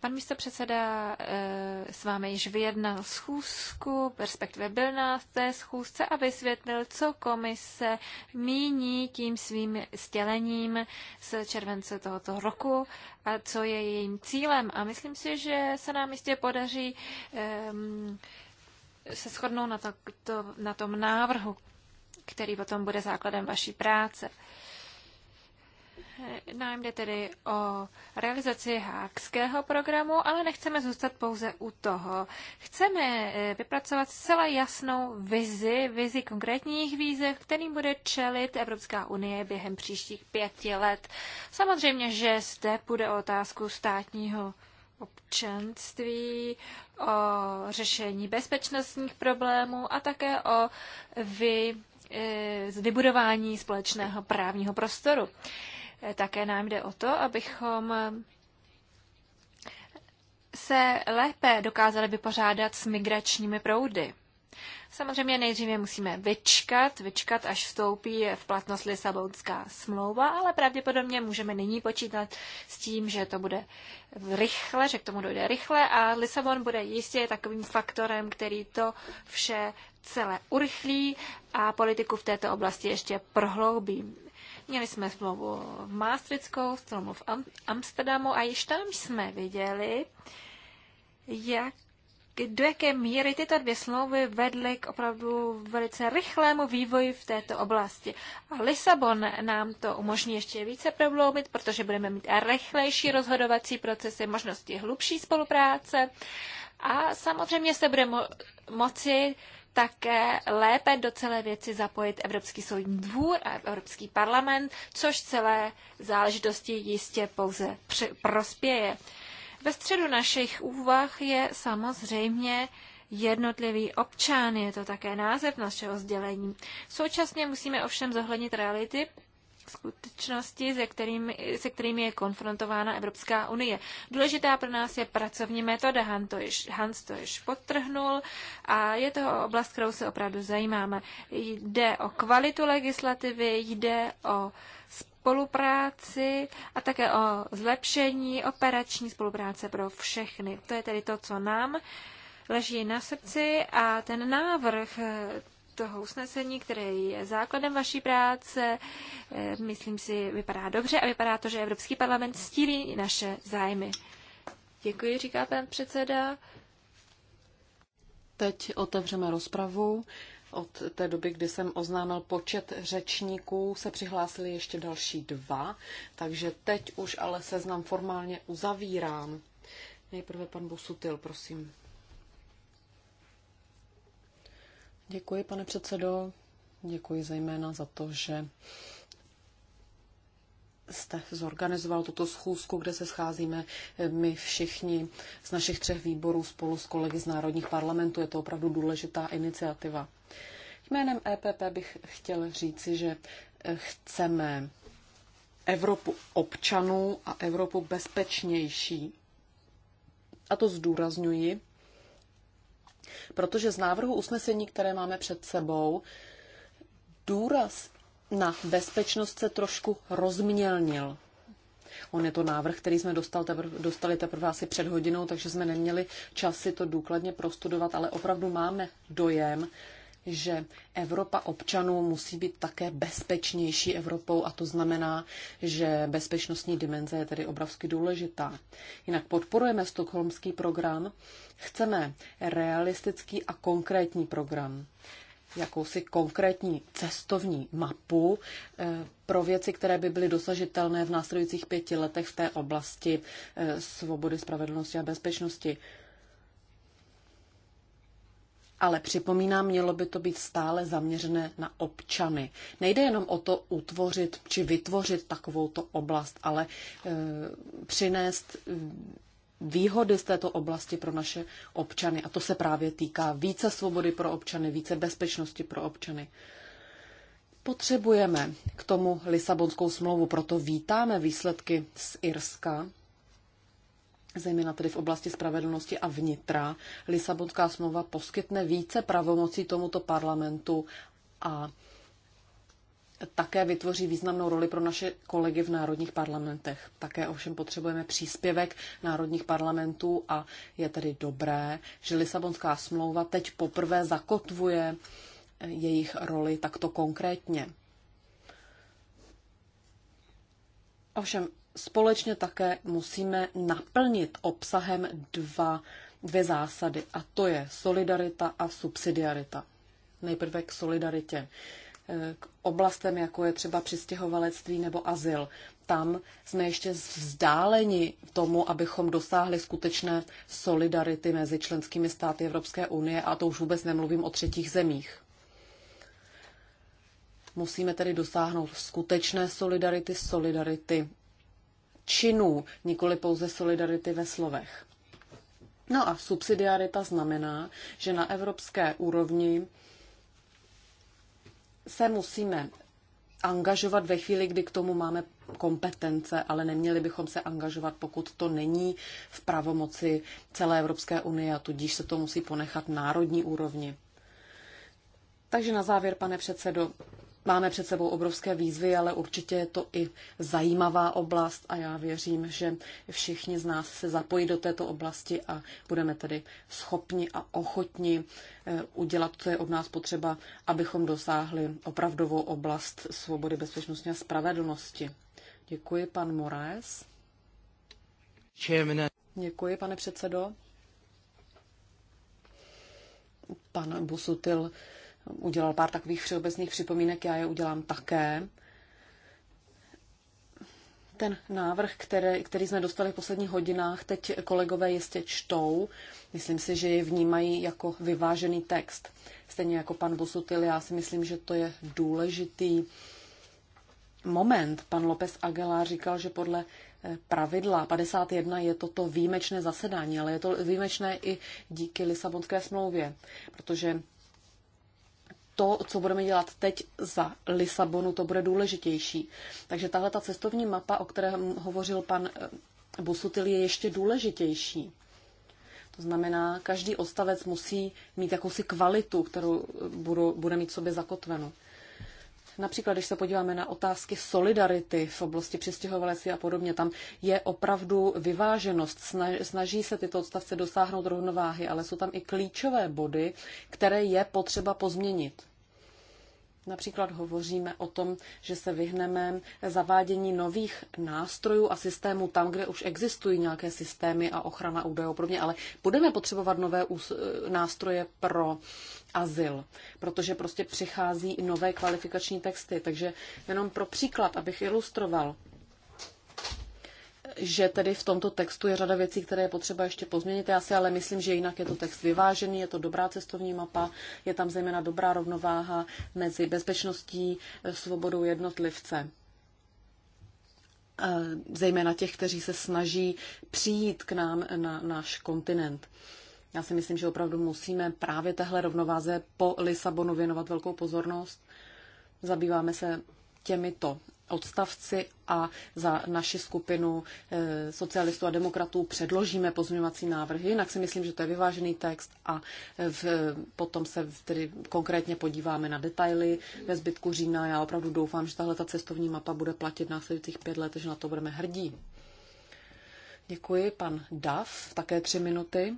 Pan místo předseda eh, s vámi již vyjednal schůzku, respektive byl na té schůzce a vysvětlil, co komise míní tím svým stělením z července tohoto roku a co je jejím cílem. A myslím si, že se nám jistě podaří ehm, se shodnout na, to, to, na tom návrhu, který potom bude základem vaší práce. Nám jde tedy o realizaci hákského programu, ale nechceme zůstat pouze u toho. Chceme eh, vypracovat zcela jasnou vizi, vizi konkrétních výzev, kterým bude čelit Evropská unie během příštích pěti let. Samozřejmě, že zde bude o otázku státního občanství, o řešení bezpečnostních problémů a také o vy, eh, vybudování společného právního prostoru. Také nám jde o to, abychom se lépe dokázali vypořádat s migračními proudy. Samozřejmě nejdříve musíme vyčkat, vyčkat, až vstoupí v platnost Lisabonská smlouva, ale pravděpodobně můžeme nyní počítat s tím, že to bude rychle, že k tomu dojde rychle a Lisabon bude jistě takovým faktorem, který to vše celé urychlí a politiku v této oblasti ještě prohloubí. Měli jsme smlouvu v Maastrickou, smlouvu v Am- Amsterdamu a již tam jsme viděli, jak do jaké míry tyto dvě smlouvy vedly k opravdu velice rychlému vývoji v této oblasti. A Lisabon nám to umožní ještě více probloubit, protože budeme mít rychlejší rozhodovací procesy, možnosti hlubší spolupráce a samozřejmě se bude mo- moci také lépe do celé věci zapojit Evropský soudní dvůr a Evropský parlament, což celé záležitosti jistě pouze prospěje. Ve středu našich úvah je samozřejmě jednotlivý občan, je to také název našeho sdělení. Současně musíme ovšem zohlednit reality, skutečnosti, se kterými, se kterými je konfrontována Evropská unie. Důležitá pro nás je pracovní metoda, Han to již, Hans to již podtrhnul a je to oblast, kterou se opravdu zajímáme. Jde o kvalitu legislativy, jde o spolupráci a také o zlepšení operační spolupráce pro všechny. To je tedy to, co nám leží na srdci a ten návrh toho usnesení, které je základem vaší práce, eh, myslím si, vypadá dobře a vypadá to, že Evropský parlament stílí naše zájmy. Děkuji, říká pan předseda. Teď otevřeme rozpravu. Od té doby, kdy jsem oznámil počet řečníků, se přihlásili ještě další dva, takže teď už ale seznam formálně uzavírám. Nejprve pan Busutil, prosím. Děkuji, pane předsedo. Děkuji zejména za to, že jste zorganizoval tuto schůzku, kde se scházíme my všichni z našich třech výborů spolu s kolegy z národních parlamentů. Je to opravdu důležitá iniciativa. Jménem EPP bych chtěl říci, že eh, chceme Evropu občanů a Evropu bezpečnější. A to zdůrazňuji, Protože z návrhu usnesení, které máme před sebou, důraz na bezpečnost se trošku rozmělnil. On je to návrh, který jsme dostal tepr- dostali teprve asi před hodinou, takže jsme neměli čas si to důkladně prostudovat, ale opravdu máme dojem, že Evropa občanů musí být také bezpečnější Evropou a to znamená, že bezpečnostní dimenze je tedy obrovsky důležitá. Jinak podporujeme stokholmský program, chceme realistický a konkrétní program jakousi konkrétní cestovní mapu eh, pro věci, které by byly dosažitelné v následujících pěti letech v té oblasti eh, svobody, spravedlnosti a bezpečnosti ale připomínám, mělo by to být stále zaměřené na občany. Nejde jenom o to utvořit či vytvořit takovouto oblast, ale e, přinést e, výhody z této oblasti pro naše občany. A to se právě týká více svobody pro občany, více bezpečnosti pro občany. Potřebujeme k tomu Lisabonskou smlouvu, proto vítáme výsledky z Irska, zejména tedy v oblasti spravedlnosti a vnitra, Lisabonská smlouva poskytne více pravomocí tomuto parlamentu a také vytvoří významnou roli pro naše kolegy v národních parlamentech. Také ovšem potřebujeme příspěvek národních parlamentů a je tedy dobré, že Lisabonská smlouva teď poprvé zakotvuje eh, jejich roli takto konkrétně. Ovšem společně také musíme naplnit obsahem dva, dvě zásady, a to je solidarita a subsidiarita. Nejprve k solidaritě. E, k oblastem, jako je třeba přistěhovalectví nebo azyl. Tam jsme ještě vzdáleni tomu, abychom dosáhli skutečné solidarity mezi členskými státy Evropské unie, a to už vůbec nemluvím o třetích zemích. Musíme tedy dosáhnout skutečné solidarity, solidarity činů, nikoli pouze solidarity ve slovech. No a subsidiarita znamená, že na evropské úrovni se musíme angažovat ve chvíli, kdy k tomu máme kompetence, ale neměli bychom se angažovat, pokud to není v pravomoci celé Evropské unie a tudíž se to musí ponechat národní úrovni. Takže na závěr, pane předsedo, Máme před sebou obrovské výzvy, ale určitě je to i zajímavá oblast a já věřím, že všichni z nás se zapojí do této oblasti a budeme tedy schopni a ochotni eh, udělat, co je od nás potřeba, abychom dosáhli opravdovou oblast svobody, bezpečnosti a spravedlnosti. Děkuji, pan Moraes. Uh, Děkuji, pane předsedo. Pan Busutil udělal pár takových všeobecných připomínek, já je udělám také. Ten návrh, který, který jsme dostali v posledních hodinách, teď kolegové jistě čtou. Myslím si, že je vnímají jako vyvážený text. Stejně jako pan Busutil, já si myslím, že to je důležitý moment. Pan López Aguilar říkal, že podle eh, pravidla 51 je toto výjimečné zasedání, ale je to výjimečné i díky Lisabonské smlouvě, protože to, co budeme dělat teď za Lisabonu, to bude důležitější. Takže tahle ta cestovní mapa, o které hovořil pan eh, Busutil, je ještě důležitější. To znamená, každý odstavec musí mít jakousi kvalitu, kterou eh, budu, bude mít sobě zakotvenu. Například, když se podíváme na otázky solidarity v oblasti přistěhovalectví a podobně, tam je opravdu vyváženost. Snaží se tyto odstavce dosáhnout rovnováhy, ale jsou tam i klíčové body, které je potřeba pozměnit. Například hovoříme o tom, že se vyhneme zavádění nových nástrojů a systémů tam, kde už existují nějaké systémy a ochrana údajů podobně, ale budeme potřebovat nové nástroje pro azyl, protože prostě přichází nové kvalifikační texty. Takže jenom pro příklad, abych ilustroval, že tedy v tomto textu je řada věcí, které je potřeba ještě pozměnit. Já si ale myslím, že jinak je to text vyvážený, je to dobrá cestovní mapa, je tam zejména dobrá rovnováha mezi bezpečností, eh, svobodou jednotlivce eh, zejména těch, kteří se snaží přijít k nám na náš kontinent. Já si myslím, že opravdu musíme právě téhle rovnováze po Lisabonu věnovat velkou pozornost. Zabýváme se těmito odstavci a za naši skupinu eh, socialistů a demokratů předložíme pozměňovací návrhy. Jinak si myslím, že to je vyvážený text a eh, v, potom se tedy konkrétně podíváme na detaily ve zbytku října. Já opravdu doufám, že tahle ta cestovní mapa bude platit následujících pět let, že na to budeme hrdí. Děkuji. Pan Dav, také tři minuty.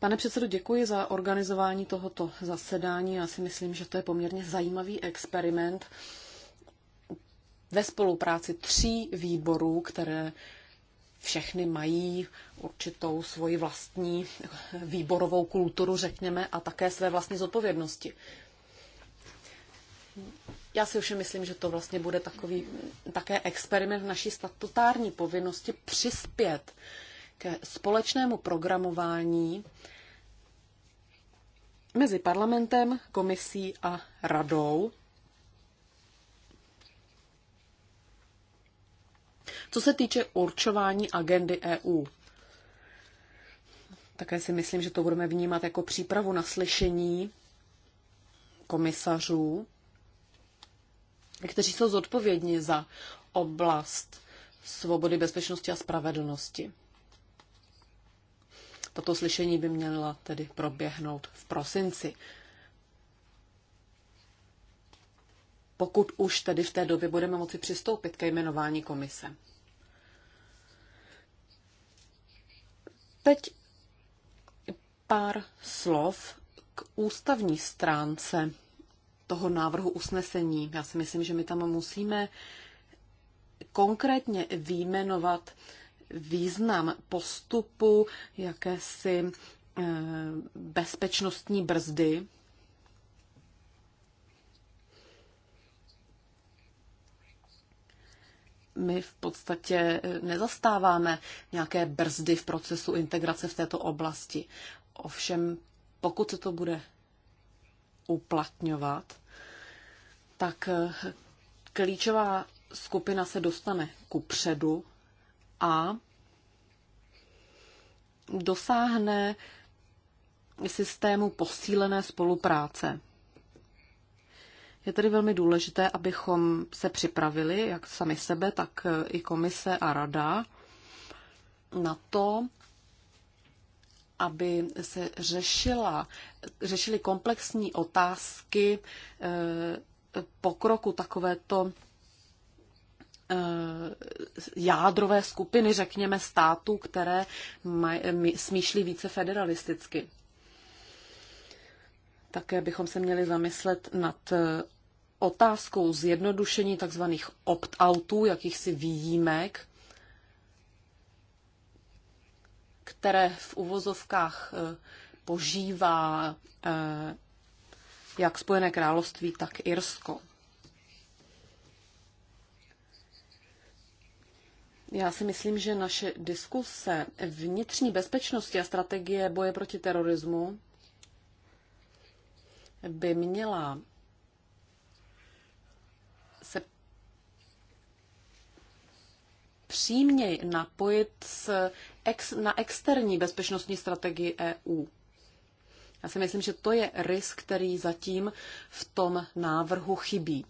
Pane předsedo, děkuji za organizování tohoto zasedání. Já si myslím, že to je poměrně zajímavý experiment ve spolupráci tří výborů, které všechny mají určitou svoji vlastní výborovou kulturu, řekněme, a také své vlastní zodpovědnosti. Já si už myslím, že to vlastně bude takový také experiment v naší statutární povinnosti přispět ke společnému programování mezi parlamentem, komisí a radou. Co se týče určování agendy EU, také si myslím, že to budeme vnímat jako přípravu na slyšení komisařů, kteří jsou zodpovědní za oblast svobody, bezpečnosti a spravedlnosti. Toto slyšení by měla tedy proběhnout v prosinci. Pokud už tedy v té době budeme moci přistoupit ke jmenování komise. Teď pár slov k ústavní stránce toho návrhu usnesení. Já si myslím, že my tam musíme konkrétně výjmenovat význam postupu jakési eh, bezpečnostní brzdy. My v podstatě eh, nezastáváme nějaké brzdy v procesu integrace v této oblasti. Ovšem, pokud se to bude uplatňovat, tak eh, klíčová skupina se dostane ku předu a dosáhne systému posílené spolupráce. Je tedy velmi důležité, abychom se připravili, jak sami sebe, tak eh, i komise a rada, na to, aby se řešila, řešily komplexní otázky eh, pokroku takovéto Eh, jádrové skupiny, řekněme, států, které maj, smýšlí více federalisticky. Také bychom se měli zamyslet nad eh, otázkou zjednodušení tzv. opt-outů, jakýchsi výjimek, které v uvozovkách eh, požívá jak Spojené království, tak Irsko. Já si myslím, že naše diskuse vnitřní bezpečnosti a strategie boje proti terorismu by měla se přímněji napojit s ex, na externí bezpečnostní strategii EU. Já si myslím, že to je risk, který zatím v tom návrhu chybí.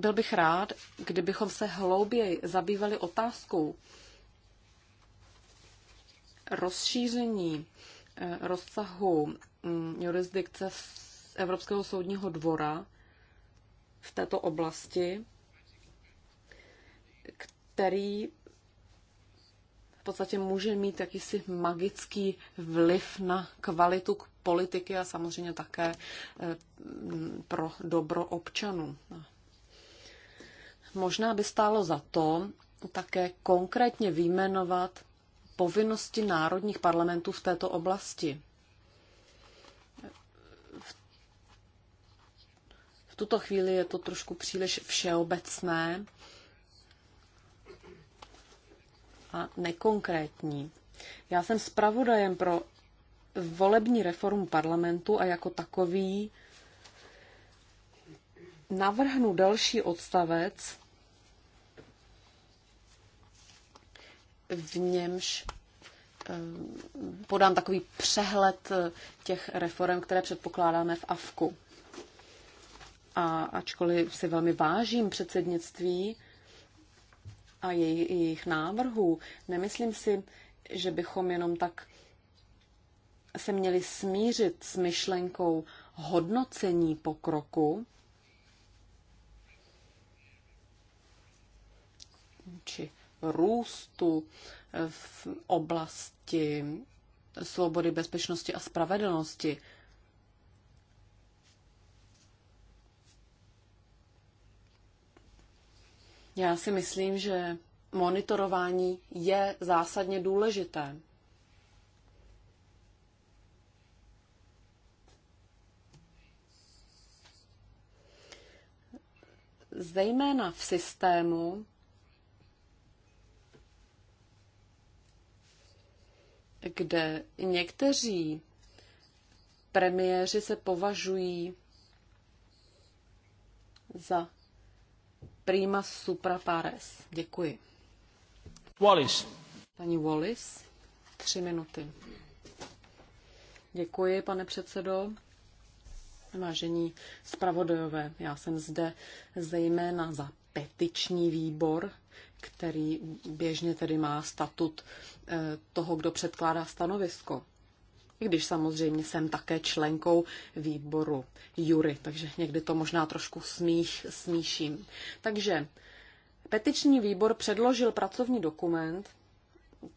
byl bych rád, kdybychom se hlouběji zabývali otázkou rozšíření eh, rozsahu mm, jurisdikce z Evropského soudního dvora v této oblasti, který v podstatě může mít jakýsi magický vliv na kvalitu politiky a samozřejmě také eh, pro dobro občanů, Možná by stálo za to také konkrétně výjmenovat povinnosti národních parlamentů v této oblasti. V tuto chvíli je to trošku příliš všeobecné a nekonkrétní. Já jsem zpravodajem pro volební reformu parlamentu a jako takový navrhnu další odstavec, v němž eh, podám takový přehled eh, těch reform, které předpokládáme v AFKu. A ačkoliv si velmi vážím předsednictví a jejich návrhů, nemyslím si, že bychom jenom tak se měli smířit s myšlenkou hodnocení pokroku, či růstu v oblasti svobody, bezpečnosti a spravedlnosti. Já si myslím, že monitorování je zásadně důležité. Zejména v systému, kde někteří premiéři se považují za prima supra pares. Děkuji. Wallis. Paní Wallis, tři minuty. Děkuji, pane předsedo. Vážení zpravodajové, já jsem zde zejména za petiční výbor, který běžně tedy má statut eh, toho, kdo předkládá stanovisko. I když samozřejmě jsem také členkou výboru Jury, takže někdy to možná trošku smích, smíším. Takže petiční výbor předložil pracovní dokument,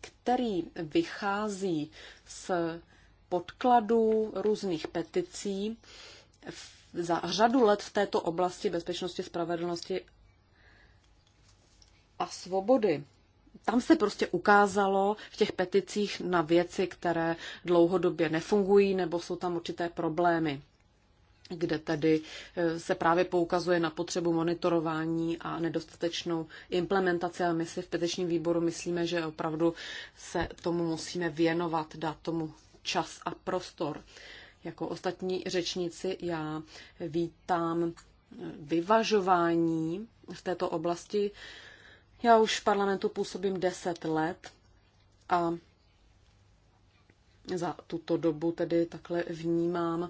který vychází z podkladů různých peticí za řadu let v této oblasti bezpečnosti, spravedlnosti a svobody. Tam se prostě ukázalo v těch peticích na věci, které dlouhodobě nefungují nebo jsou tam určité problémy kde tedy eh, se právě poukazuje na potřebu monitorování a nedostatečnou implementaci. A my si v petičním výboru myslíme, že opravdu se tomu musíme věnovat, dát tomu čas a prostor. Jako ostatní řečníci já vítám eh, vyvažování v této oblasti já už v parlamentu působím 10 let a za tuto dobu tedy takhle vnímám,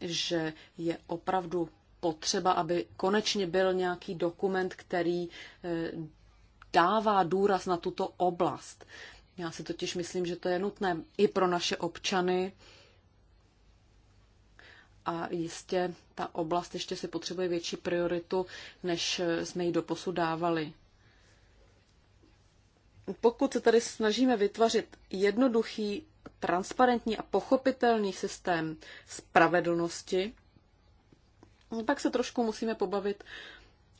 že je opravdu potřeba, aby konečně byl nějaký dokument, který eh, dává důraz na tuto oblast. Já si totiž myslím, že to je nutné i pro naše občany. A jistě ta oblast ještě si potřebuje větší prioritu, než jsme ji doposud dávali pokud se tady snažíme vytvořit jednoduchý, transparentní a pochopitelný systém spravedlnosti, tak se trošku musíme pobavit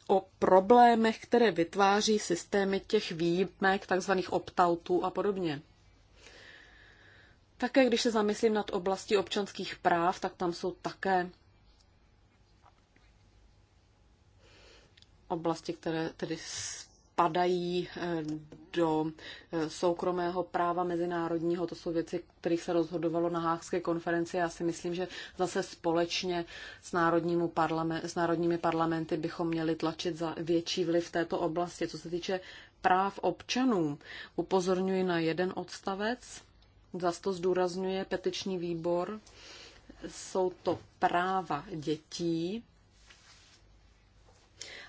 o problémech, které vytváří systémy těch výjimek, takzvaných optautů a podobně. Také když se zamyslím nad oblastí občanských práv, tak tam jsou také oblasti, které tedy spadají eh, do eh, soukromého práva mezinárodního. To jsou věci, kterých se rozhodovalo na Hákské konferenci. Já si myslím, že zase společně s, národnímu parlament, s národními parlamenty bychom měli tlačit za větší vliv této oblasti. Co se týče práv občanů, upozorňuji na jeden odstavec. Zas to zdůrazňuje petiční výbor. Jsou to práva dětí,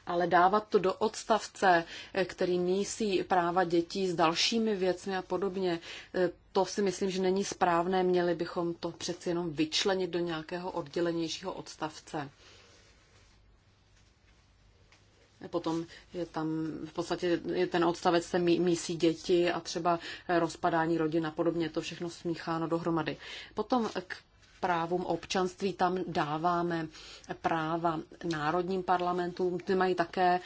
ale dávat to do odstavce, eh, který mísí práva dětí s dalšími věcmi a podobně, eh, to si myslím, že není správné. Měli bychom to přeci jenom vyčlenit do nějakého oddělenějšího odstavce. Potom je tam v podstatě je ten odstavec se mí, mísí děti a třeba eh, rozpadání rodin a podobně, to všechno smícháno dohromady. Potom k právům občanství, tam dáváme práva národním parlamentům, ty mají také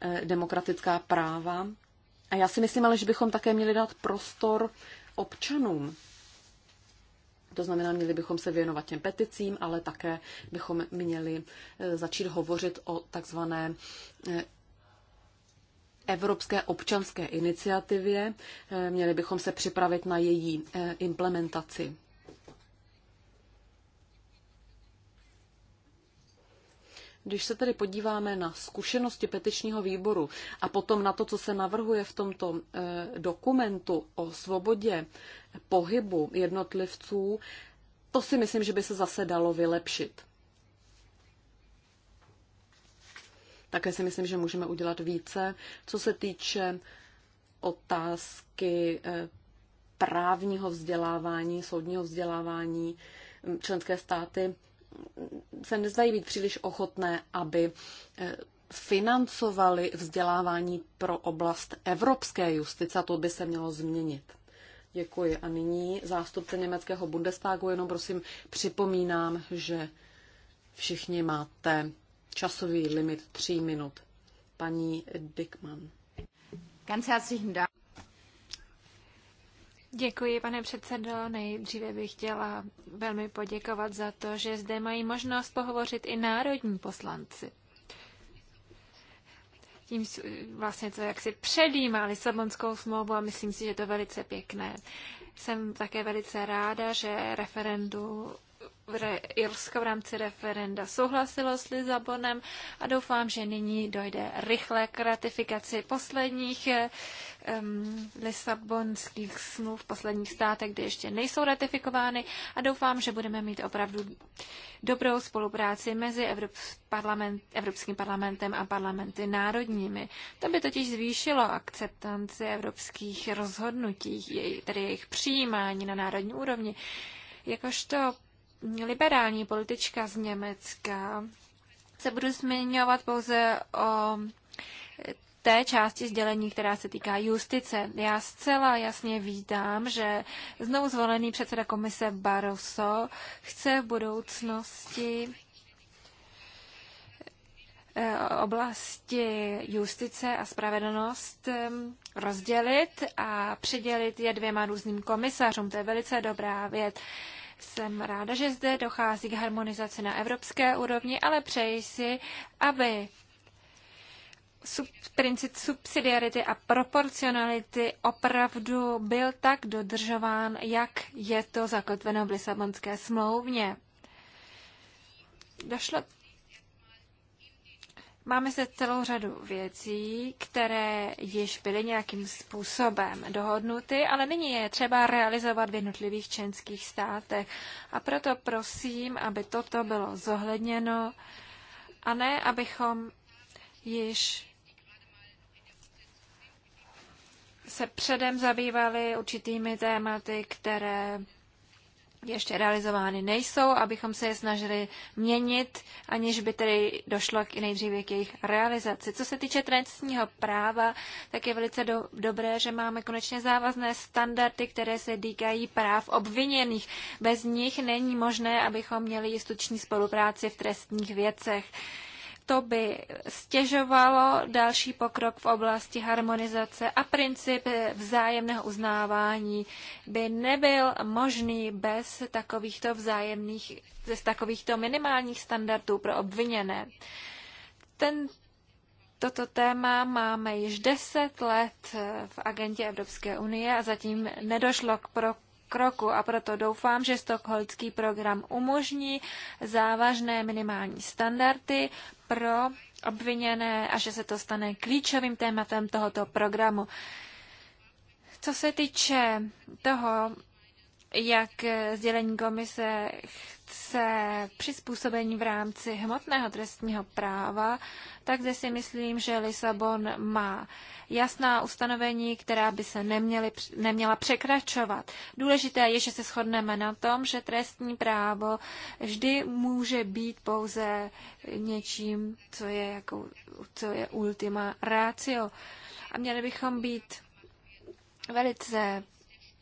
eh, demokratická práva. A já si myslím ale, že bychom také měli dát prostor občanům. To znamená, měli bychom se věnovat těm peticím, ale také bychom měli eh, začít hovořit o takzvané eh, Evropské občanské iniciativě. Měli bychom se připravit na její implementaci. Když se tedy podíváme na zkušenosti petičního výboru a potom na to, co se navrhuje v tomto eh, dokumentu o svobodě pohybu jednotlivců, to si myslím, že by se zase dalo vylepšit. Také si myslím, že můžeme udělat více, co se týče otázky eh, právního vzdělávání, soudního vzdělávání. Mm, členské státy se nezdají být příliš ochotné, aby eh, financovali vzdělávání pro oblast evropské justice a to by se mělo změnit. Děkuji. A nyní zástupce německého Bundestagu, jenom prosím připomínám, že všichni máte časový limit tří minut. Paní Dickmann. Ganz herzlichen Dank. Děkuji, pane předsedo. Nejdříve bych chtěla velmi poděkovat za to, že zde mají možnost pohovořit i národní poslanci. Tím vlastně to jaksi předjímá Lisabonskou smlouvu a myslím si, že to je velice pěkné. Jsem také velice ráda, že referendum Irsko v rámci referenda souhlasilo s Lizabonem a doufám, že nyní dojde rychle k ratifikaci posledních um, lisabonských smluv posledních státek, kde ještě nejsou ratifikovány a doufám, že budeme mít opravdu dobrou spolupráci mezi Evrops- parlament, Evropským parlamentem a parlamenty národními. To by totiž zvýšilo akceptanci evropských rozhodnutí, tedy jejich přijímání na národní úrovni. Jakožto liberální politička z Německa, se budu zmiňovat pouze o té části sdělení, která se týká justice. Já zcela jasně vítám, že znovu zvolený předseda komise Barroso chce v budoucnosti eh, oblasti justice a spravedlnost eh, rozdělit a přidělit je dvěma různým komisařům. To je velice dobrá věc. Jsem ráda, že zde dochází k harmonizaci na evropské úrovni, ale přeji si, aby sub, princip subsidiarity a proporcionality opravdu byl tak dodržován, jak je to zakotveno v Lisabonské smlouvně. Došlo Máme se celou řadu věcí, které již byly nějakým způsobem dohodnuty, ale nyní je třeba realizovat v jednotlivých členských státech. A proto prosím, aby toto bylo zohledněno a ne, abychom již se předem zabývali určitými tématy, které ještě realizovány nejsou, abychom se je snažili měnit, aniž by tedy došlo k nejdříve k jejich realizaci. Co se týče trestního práva, tak je velice do, dobré, že máme konečně závazné standardy, které se týkají práv obviněných. Bez nich není možné, abychom měli justiční spolupráci v trestních věcech to by stěžovalo další pokrok v oblasti harmonizace a princip vzájemného uznávání by nebyl možný bez takovýchto vzájemných, bez takovýchto minimálních standardů pro obviněné. Ten, toto téma máme již deset let v agentě Evropské unie a zatím nedošlo k pro kroku a proto doufám, že stokholmský program umožní závažné minimální standardy pro obviněné a že se to stane klíčovým tématem tohoto programu. Co se týče toho, jak sdělení komise se přizpůsobení v rámci hmotného trestního práva, tak zde si myslím, že Lisabon má jasná ustanovení, která by se neměly, neměla překračovat. Důležité je, že se shodneme na tom, že trestní právo vždy může být pouze něčím, co je, jako, co je ultima ratio. A měli bychom být velice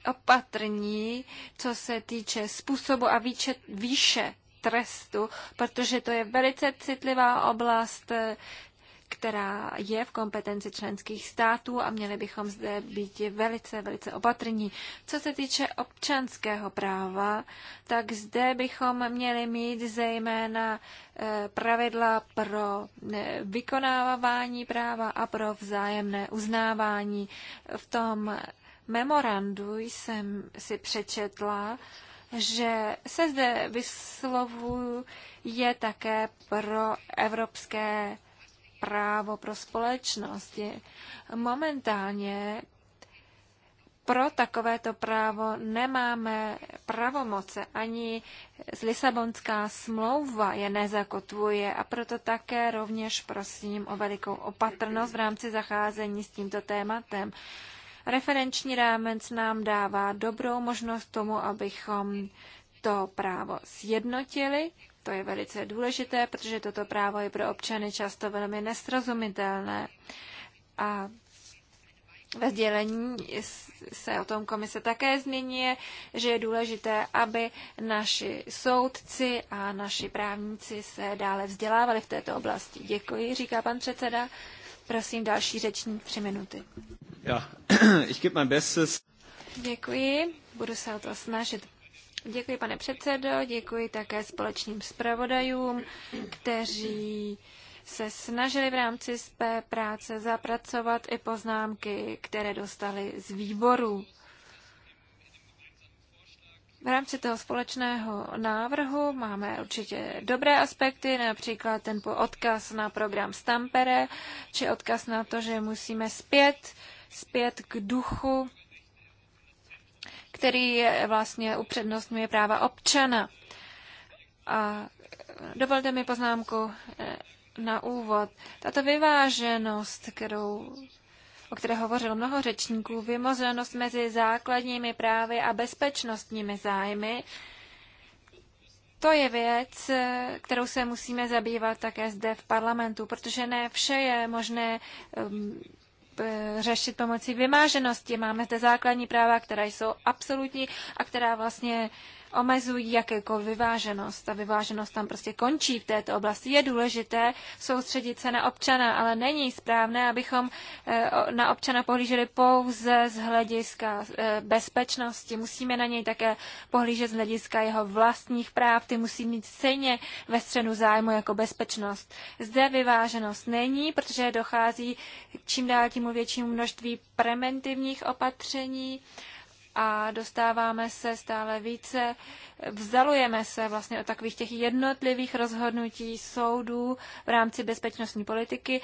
opatrní, co se týče způsobu a výče, výše trestu, protože to je velice citlivá oblast, eh, která je v kompetenci členských států a měli bychom zde být velice, velice opatrní. Co se týče občanského práva, tak zde bychom měli mít zejména eh, pravidla pro eh, vykonávání práva a pro vzájemné uznávání. V tom memorandu jsem si přečetla, že se zde vyslovuje také pro evropské právo pro společnosti. Momentálně pro takovéto právo nemáme pravomoce, ani z Lisabonská smlouva je nezakotvuje a proto také rovněž prosím o velikou opatrnost v rámci zacházení s tímto tématem. Referenční rámec nám dává dobrou možnost tomu, abychom to právo sjednotili. To je velice důležité, protože toto právo je pro občany často velmi nesrozumitelné. A ve sdělení se o tom komise také změní, že je důležité, aby naši soudci a naši právníci se dále vzdělávali v této oblasti. Děkuji, říká pan předseda. Prosím, další řečník, tři minuty. Ja, ich mein Bestes. Děkuji, budu se o to snažit. Děkuji, pane předsedo, děkuji také společným zpravodajům, kteří se snažili v rámci své práce zapracovat i poznámky, které dostali z výboru. V rámci toho společného návrhu máme určitě dobré aspekty, například ten odkaz na program Stampere, či odkaz na to, že musíme zpět, zpět k duchu, který vlastně upřednostňuje práva občana. A dovolte mi poznámku eh, na úvod. Tato vyváženost, kterou o které hovořilo mnoho řečníků, vymozenost mezi základními právy a bezpečnostními zájmy, to je věc, kterou se musíme zabývat také zde v parlamentu, protože ne vše je možné um, řešit pomocí vymáženosti. Máme zde základní práva, která jsou absolutní a která vlastně omezují jakékoliv vyváženost. Ta vyváženost tam prostě končí v této oblasti. Je důležité soustředit se na občana, ale není správné, abychom eh, na občana pohlíželi pouze z hlediska eh, bezpečnosti. Musíme na něj také pohlížet z hlediska jeho vlastních práv. Ty musí mít stejně ve středu zájmu jako bezpečnost. Zde vyváženost není, protože dochází čím dál tím většímu množství preventivních opatření, a dostáváme se stále více, vzdalujeme se vlastně o takových těch jednotlivých rozhodnutí soudů v rámci bezpečnostní politiky,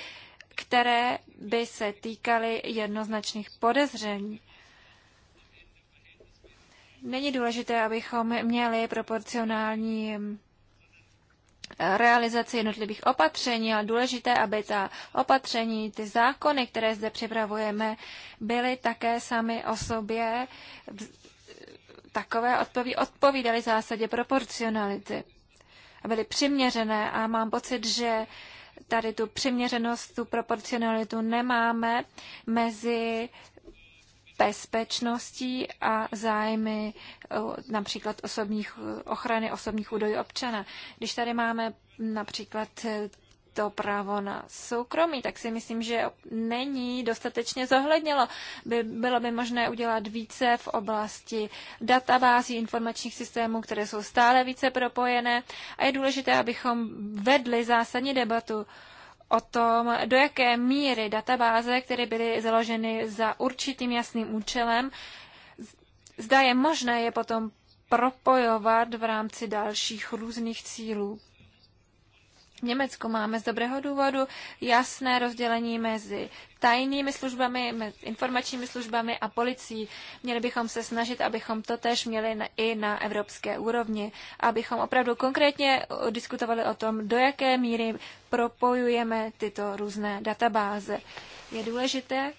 které by se týkaly jednoznačných podezření. Není důležité, abychom měli proporcionální realizaci jednotlivých opatření, ale důležité, aby ta opatření, ty zákony, které zde připravujeme, byly také sami o sobě takové odpoví, odpovídaly zásadě proporcionality a byly přiměřené a mám pocit, že tady tu přiměřenost, tu proporcionalitu nemáme mezi bezpečnosti a zájmy eh, například osobních, ochrany osobních údajů občana. Když tady máme například eh, to právo na soukromí, tak si myslím, že není dostatečně zohlednělo. By, bylo by možné udělat více v oblasti databází informačních systémů, které jsou stále více propojené a je důležité, abychom vedli zásadní debatu o tom, do jaké míry databáze, které byly založeny za určitým jasným účelem, zda je možné je potom propojovat v rámci dalších různých cílů. Německu máme z dobrého důvodu jasné rozdělení mezi tajnými službami, mezi informačními službami a policií. Měli bychom se snažit, abychom to tež měli na, i na evropské úrovni, abychom opravdu konkrétně e, diskutovali o tom, do jaké míry propojujeme tyto různé databáze. Je důležité,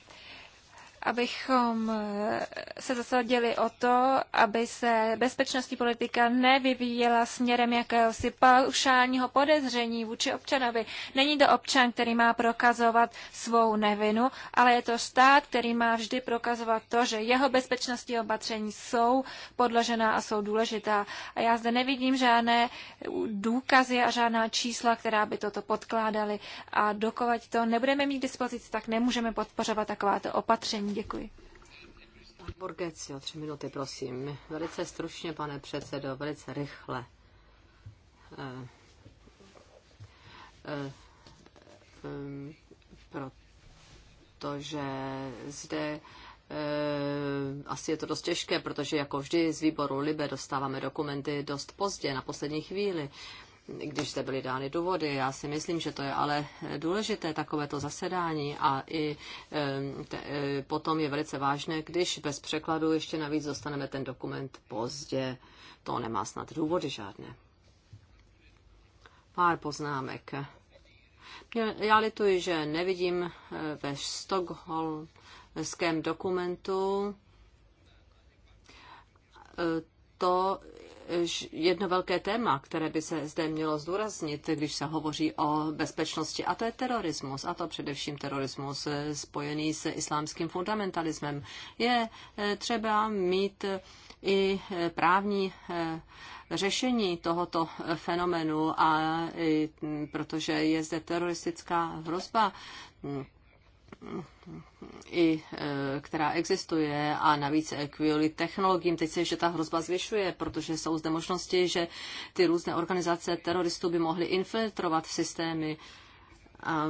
abychom eh, se zasadili o to, aby se bezpečnostní politika nevyvíjela směrem jakéhosi paušálního podezření vůči občanovi. Není to občan, který má prokazovat svou nevinu, ale je to stát, který má vždy prokazovat to, že jeho bezpečnostní opatření jsou podložená a jsou důležitá. A já zde nevidím žádné důkazy a žádná čísla, která by toto podkládaly. A dokovat to nebudeme mít k dispozici, tak nemůžeme podpořovat takováto opatření. Děkuji. jo, tři minuty, prosím. Velice stručně, pane předsedo, velice rychle. E, e, e, protože zde asi je to dost těžké, protože jako vždy z výboru Libe dostáváme dokumenty dost pozdě, na poslední chvíli když zde byly dány důvody. Já si myslím, že to je ale důležité, takovéto zasedání a i te, e, potom je velice vážné, když bez překladu ještě navíc dostaneme ten dokument pozdě. To nemá snad důvody žádné. Pár poznámek. Já lituji, že nevidím e, ve stockholmském dokumentu e, to, jedno velké téma, které by se zde mělo zdůraznit, když se hovoří o bezpečnosti, a to je terorismus, a to především terorismus eh, spojený s islámským fundamentalismem. Je eh, třeba mít eh, i právní řešení tohoto fenomenu, a protože je zde teroristická hrozba, i, eh, která existuje a navíc kvůli technologiím. Teď se ještě ta hrozba zvyšuje, protože jsou zde možnosti, že ty různé organizace teroristů by mohly infiltrovat systémy a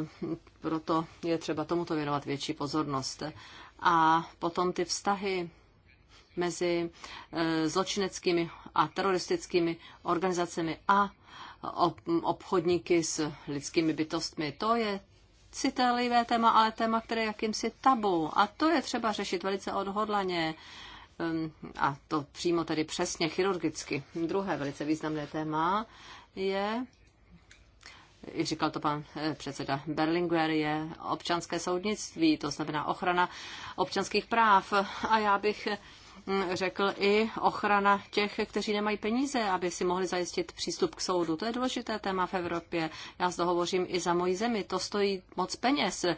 proto je třeba tomuto věnovat větší pozornost. A potom ty vztahy mezi eh, zločineckými a teroristickými organizacemi a obchodníky s lidskými bytostmi. To je citlivé téma, ale téma, které je jakýmsi tabu. A to je třeba řešit velice odhodlaně ehm, a to přímo tedy přesně chirurgicky. Druhé velice významné téma je, i říkal to pan eh, předseda Berlinguer, je občanské soudnictví, to znamená ochrana občanských práv. A já bych Hm, řekl, i ochrana těch, kteří nemají peníze, aby si mohli zajistit přístup k soudu. To je důležité téma v Evropě. Já z toho hovořím i za moji zemi. To stojí moc peněz eh,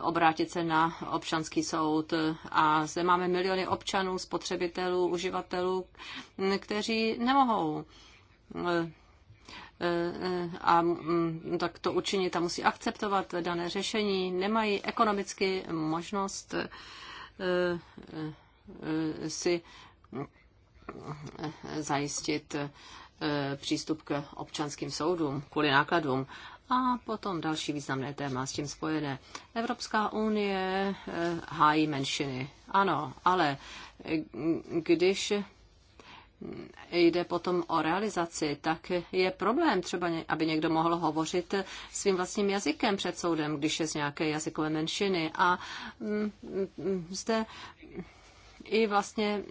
obrátit se na občanský soud. A zde máme miliony občanů, spotřebitelů, uživatelů, hm, kteří nemohou eh, eh, a hm, tak to učinit a musí akceptovat dané řešení, nemají ekonomicky možnost si eh, zajistit eh, přístup k občanským soudům kvůli nákladům. A potom další významné téma s tím spojené. Evropská unie eh, hájí menšiny. Ano, ale když jde potom o realizaci, tak je problém třeba, aby někdo mohl hovořit svým vlastním jazykem před soudem, když je z nějaké jazykové menšiny. A mm, mm, mm, zde i vlastně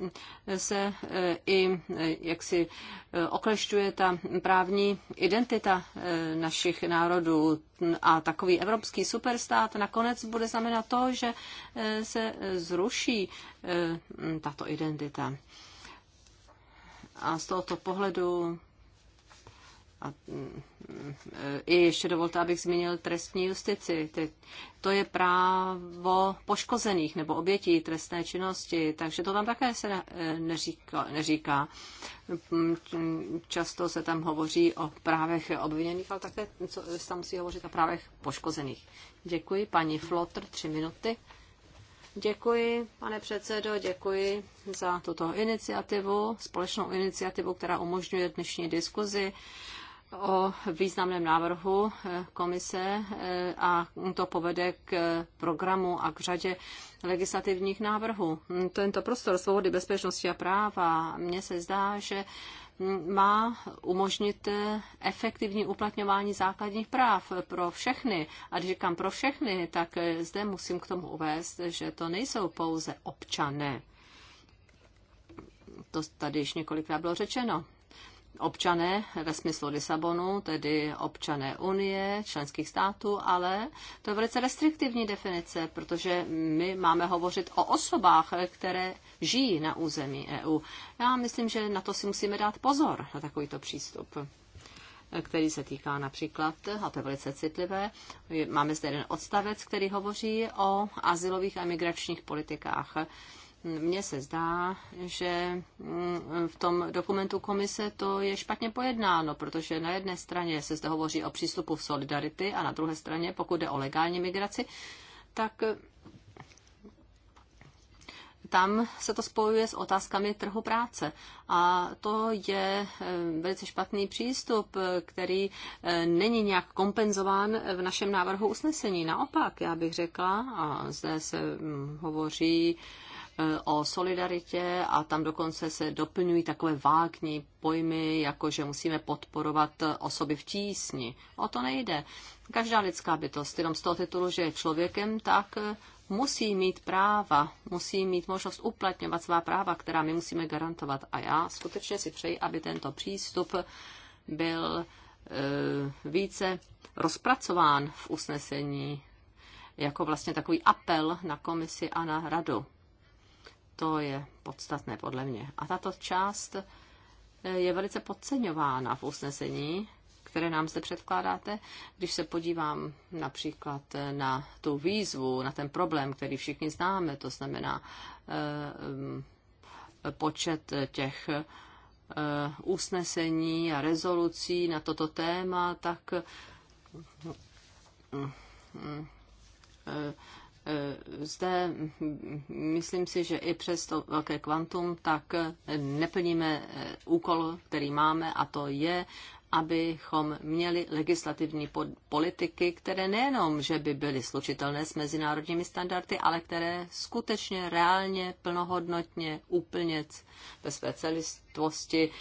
se e, i e, jak si e, oklešťuje ta právní identita našich národů a takový evropský superstát nakonec bude znamenat to, že se zruší tato identita. A z tohoto pohledu a mm, i ještě dovolte, abych zmínil trestní justici. To je právo poškozených nebo obětí trestné činnosti, takže to tam také se eh, neříká. Mm, často se tam hovoří o právech obviněných, ale také se tam musí hovořit o právech poškozených. Děkuji, paní Flotr, tři minuty. Děkuji, pane předsedo, děkuji za tuto iniciativu, společnou iniciativu, která umožňuje dnešní diskuzi o významném návrhu eh, komise eh, a to povede k eh, programu a k řadě legislativních návrhů. Mm, tento prostor svobody, bezpečnosti a práva, mně se zdá, že mm, má umožnit efektivní uplatňování základních práv pro všechny. A když říkám pro všechny, tak zde musím k tomu uvést, že to nejsou pouze občané. To tady již několikrát bylo řečeno občané ve smyslu Lisabonu, tedy občané Unie, členských států, ale to je velice restriktivní definice, protože my máme hovořit o osobách, které žijí na území EU. Já myslím, že na to si musíme dát pozor, na takovýto přístup který se týká například, a to je velice citlivé, máme zde jeden odstavec, který hovoří o asilových a migračních politikách. Mně se zdá, že mm, v tom dokumentu komise to je špatně pojednáno, protože na jedné straně se zde hovoří o přístupu v solidarity a na druhé straně, pokud jde o legální migraci, tak tam se to spojuje s otázkami trhu práce. A to je eh, velice špatný přístup, který eh, není nějak kompenzován v našem návrhu usnesení. Naopak, já bych řekla, a zde se mm, hovoří o solidaritě a tam dokonce se doplňují takové vágní pojmy, jako že musíme podporovat osoby v tísni. O to nejde. Každá lidská bytost, jenom z toho titulu, že je člověkem, tak musí mít práva, musí mít možnost uplatňovat svá práva, která my musíme garantovat. A já skutečně si přeji, aby tento přístup byl eh, více rozpracován v usnesení jako vlastně takový apel na komisi a na radu. To je podstatné podle mě. A tato část eh, je velice podceňována v usnesení, které nám zde předkládáte. Když se podívám například eh, na tu výzvu, na ten problém, který všichni známe, to znamená eh, mm, počet těch usnesení a rezolucí na toto téma, tak mm, mm, Eh, zde hm, myslím si, že i přes to velké kvantum, tak eh, neplníme eh, úkol, který máme, a to je, abychom měli legislativní politiky, které nejenom, že by byly slučitelné s mezinárodními standardy, ale které skutečně reálně, plnohodnotně, úplně ve své celistvosti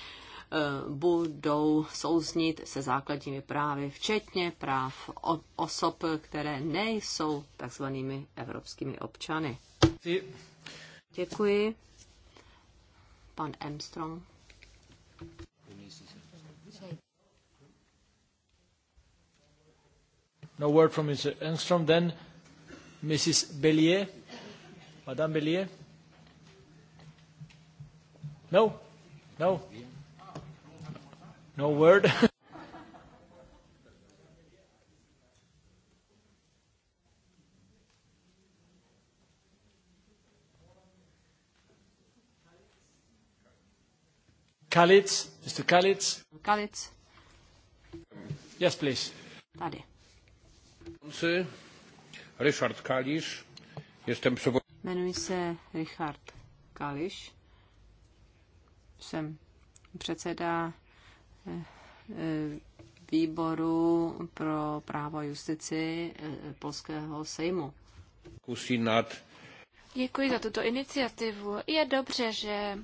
Eh, budou souznit se základními právy, včetně práv osob, které nejsou takzvanými evropskými občany. Děkuji. Pan Armstrong. No word from Mr. Engstrom. Then Mrs. Bellier. Madame Bellier. No? No? Yeah. No word. Kalitz, Mr. Kalitz. Kalitz. Yes, please. Tady. Richard Kalisz. Jestem przewodniczącym. Jmenuji se Richard Kalisz. Jsem předseda výboru pro právo justici eh, Polského sejmu. Kusí nad Děkuji za tuto iniciativu. Je dobře, že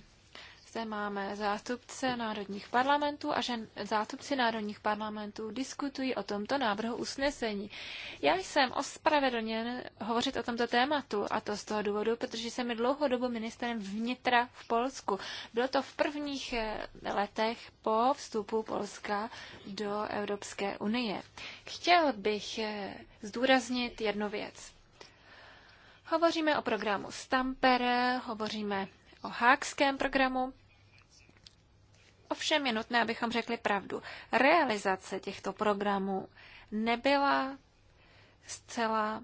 zde máme zástupce národních parlamentů a že zástupci národních parlamentů diskutují o tomto návrhu usnesení. Já jsem ospravedlněn hovořit o tomto tématu a to z toho důvodu, protože jsem dlouhodobu ministrem vnitra v Polsku. Bylo to v prvních eh, letech po vstupu Polska do Evropské unie. Chtěl bych eh, zdůraznit jednu věc. Hovoříme o programu Stamper, hovoříme o hákském programu. Ovšem je nutné, abychom řekli pravdu. Realizace těchto programů nebyla zcela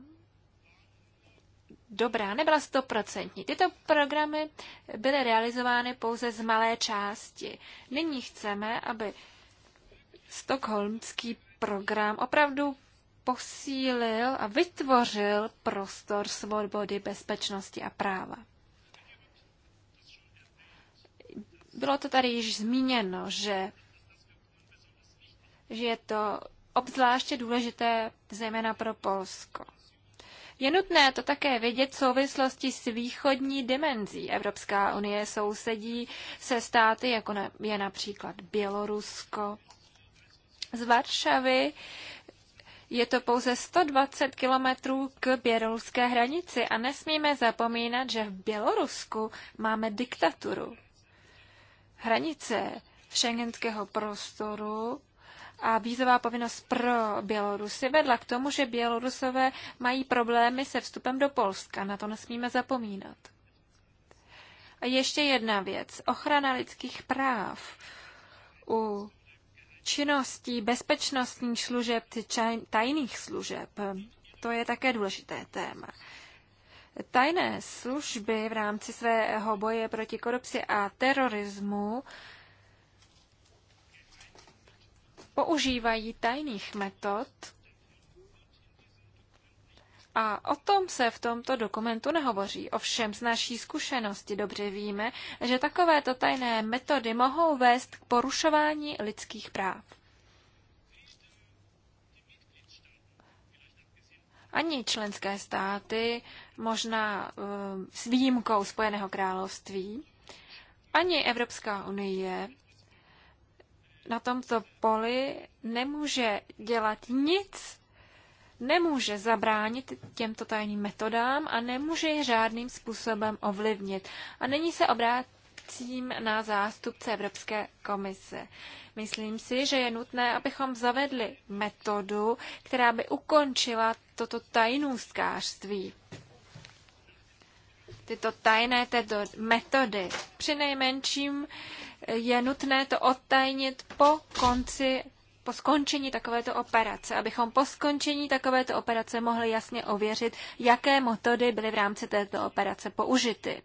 dobrá, nebyla stoprocentní. Tyto programy byly realizovány pouze z malé části. Nyní chceme, aby stokholmský program opravdu posílil a vytvořil prostor svobody, bezpečnosti a práva. Bylo to tady již zmíněno, že, že je to obzvláště důležité zejména pro Polsko. Je nutné to také vidět v souvislosti s východní dimenzí. Evropská unie sousedí se státy, jako je například Bělorusko. Z Varšavy je to pouze 120 kilometrů k běloruské hranici a nesmíme zapomínat, že v Bělorusku máme diktaturu hranice šengenského prostoru a vízová povinnost pro Bělorusy vedla k tomu, že Bělorusové mají problémy se vstupem do Polska. Na to nesmíme zapomínat. A ještě jedna věc. Ochrana lidských práv u činností bezpečnostních služeb, tajných služeb. To je také důležité téma tajné služby v rámci svého boje proti korupci a terorismu používají tajných metod, a o tom se v tomto dokumentu nehovoří. Ovšem z naší zkušenosti dobře víme, že takovéto tajné metody mohou vést k porušování lidských práv. ani členské státy, možná eh, s výjimkou Spojeného království, ani Evropská unie na tomto poli nemůže dělat nic, nemůže zabránit těmto tajným metodám a nemůže je žádným způsobem ovlivnit. A není se obrátím na zástupce Evropské komise. Myslím si, že je nutné, abychom zavedli metodu, která by ukončila toto tajnůstkářství, tyto tajné tyto metody. Při nejmenším eh, je nutné to odtajnit po konci po skončení takovéto operace, abychom po skončení takovéto operace mohli jasně ověřit, jaké metody byly v rámci této operace použity.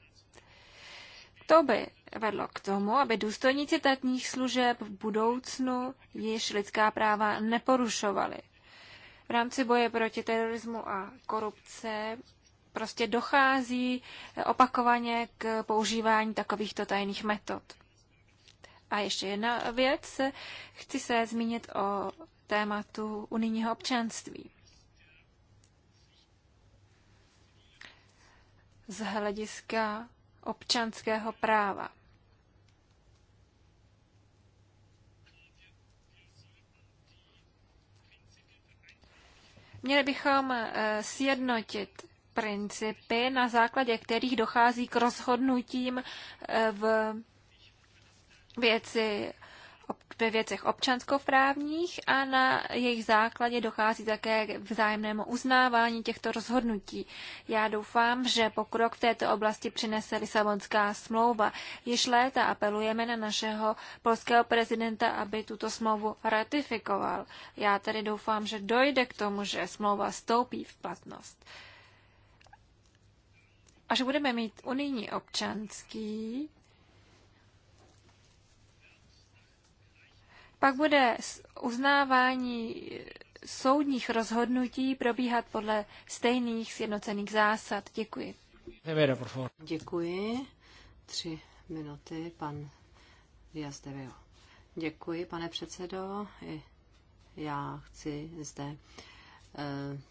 To by vedlo k tomu, aby důstojníci tatních služeb v budoucnu již lidská práva neporušovali. V rámci boje proti terorismu a korupce prostě dochází opakovaně k používání takovýchto tajných metod. A ještě jedna věc. Chci se zmínit o tématu unijního občanství. Z hlediska občanského práva. Měli bychom eh, sjednotit principy, na základě kterých dochází k rozhodnutím eh, v věci ve věcech občanskoprávních a na jejich základě dochází také k vzájemnému uznávání těchto rozhodnutí. Já doufám, že pokrok v této oblasti přinese Lisabonská smlouva. Již léta apelujeme na našeho polského prezidenta, aby tuto smlouvu ratifikoval. Já tedy doufám, že dojde k tomu, že smlouva stoupí v platnost. Až budeme mít unijní občanský Pak bude uznávání soudních rozhodnutí probíhat podle stejných sjednocených zásad. Děkuji. Děkuji. Tři minuty, pan Diaz de Veo. Děkuji, pane předsedo. Já chci zde eh,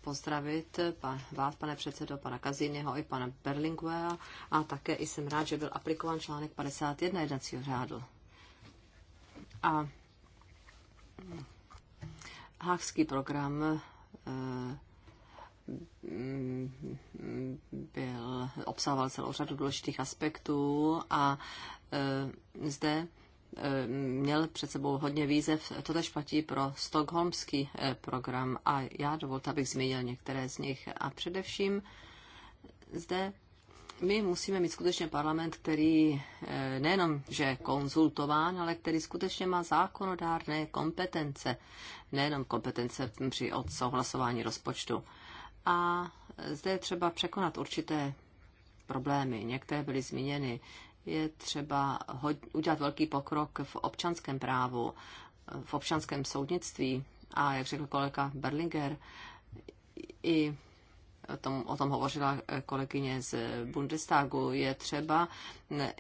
pozdravit pan, vás, pane předsedo, pana Kazínyho i pana Berlinguea a také jsem rád, že byl aplikován článek 51 jednacího řádu. A Hákský program eh, mm, byl, obsahoval celou řadu důležitých aspektů a eh, zde eh, měl před sebou hodně výzev. To tež platí pro stokholmský program a já dovolte, abych zmínil některé z nich. A především zde my musíme mít skutečně parlament, který eh, nejenom, že je konzultován, ale který skutečně má zákonodárné kompetence, nejenom kompetence při odsouhlasování rozpočtu. A zde je třeba překonat určité problémy. Některé byly zmíněny. Je třeba udělat velký pokrok v občanském právu, v občanském soudnictví a, jak řekl kolega Berlinger, i tom, o tom hovořila kolegyně z Bundestagu, je třeba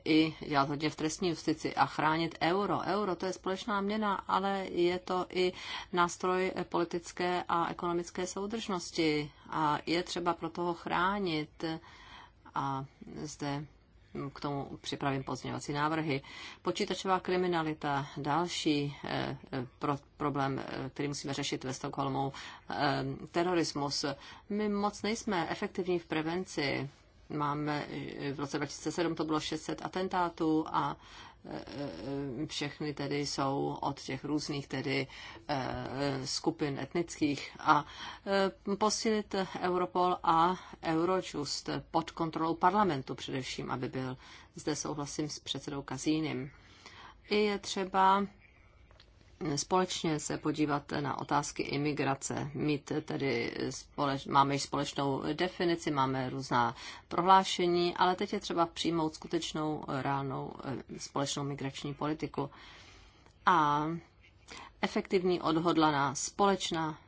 i dělat hodně v trestní justici a chránit euro. Euro to je společná měna, ale je to i nástroj politické a ekonomické soudržnosti a je třeba pro toho chránit. A zde k tomu připravím pozměňovací návrhy. Počítačová kriminalita, další eh, eh, pro, problém, eh, který musíme řešit ve Stockholmu, terorismus. My moc nejsme efektivní v prevenci. Máme v roce 2007 to bylo 600 atentátů a Eh, eh, všechny tedy jsou od těch různých tedy eh, skupin etnických a posílit Europol a Eurojust pod kontrolou parlamentu především, aby byl. Zde souhlasím s předsedou Kazínem. I je třeba společně se podívat na otázky imigrace. Mít tedy společ, máme společnou definici, máme různá prohlášení, ale teď je třeba přijmout skutečnou reálnou eh, společnou migrační politiku. A efektivní odhodlaná společná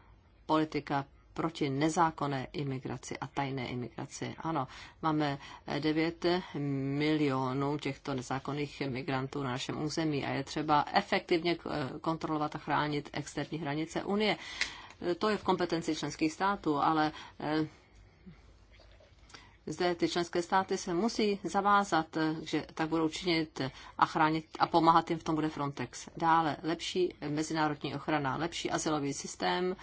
politika proti nezákonné imigraci a tajné imigraci. Ano, máme 9 milionů těchto nezákonných migrantů na našem území a je třeba efektivně kontrolovat a chránit externí hranice Unie. To je v kompetenci členských států, ale eh, zde ty členské státy se musí zavázat, že tak budou činit a chránit a pomáhat jim v tom bude Frontex. Dále lepší mezinárodní ochrana, lepší asilový systém,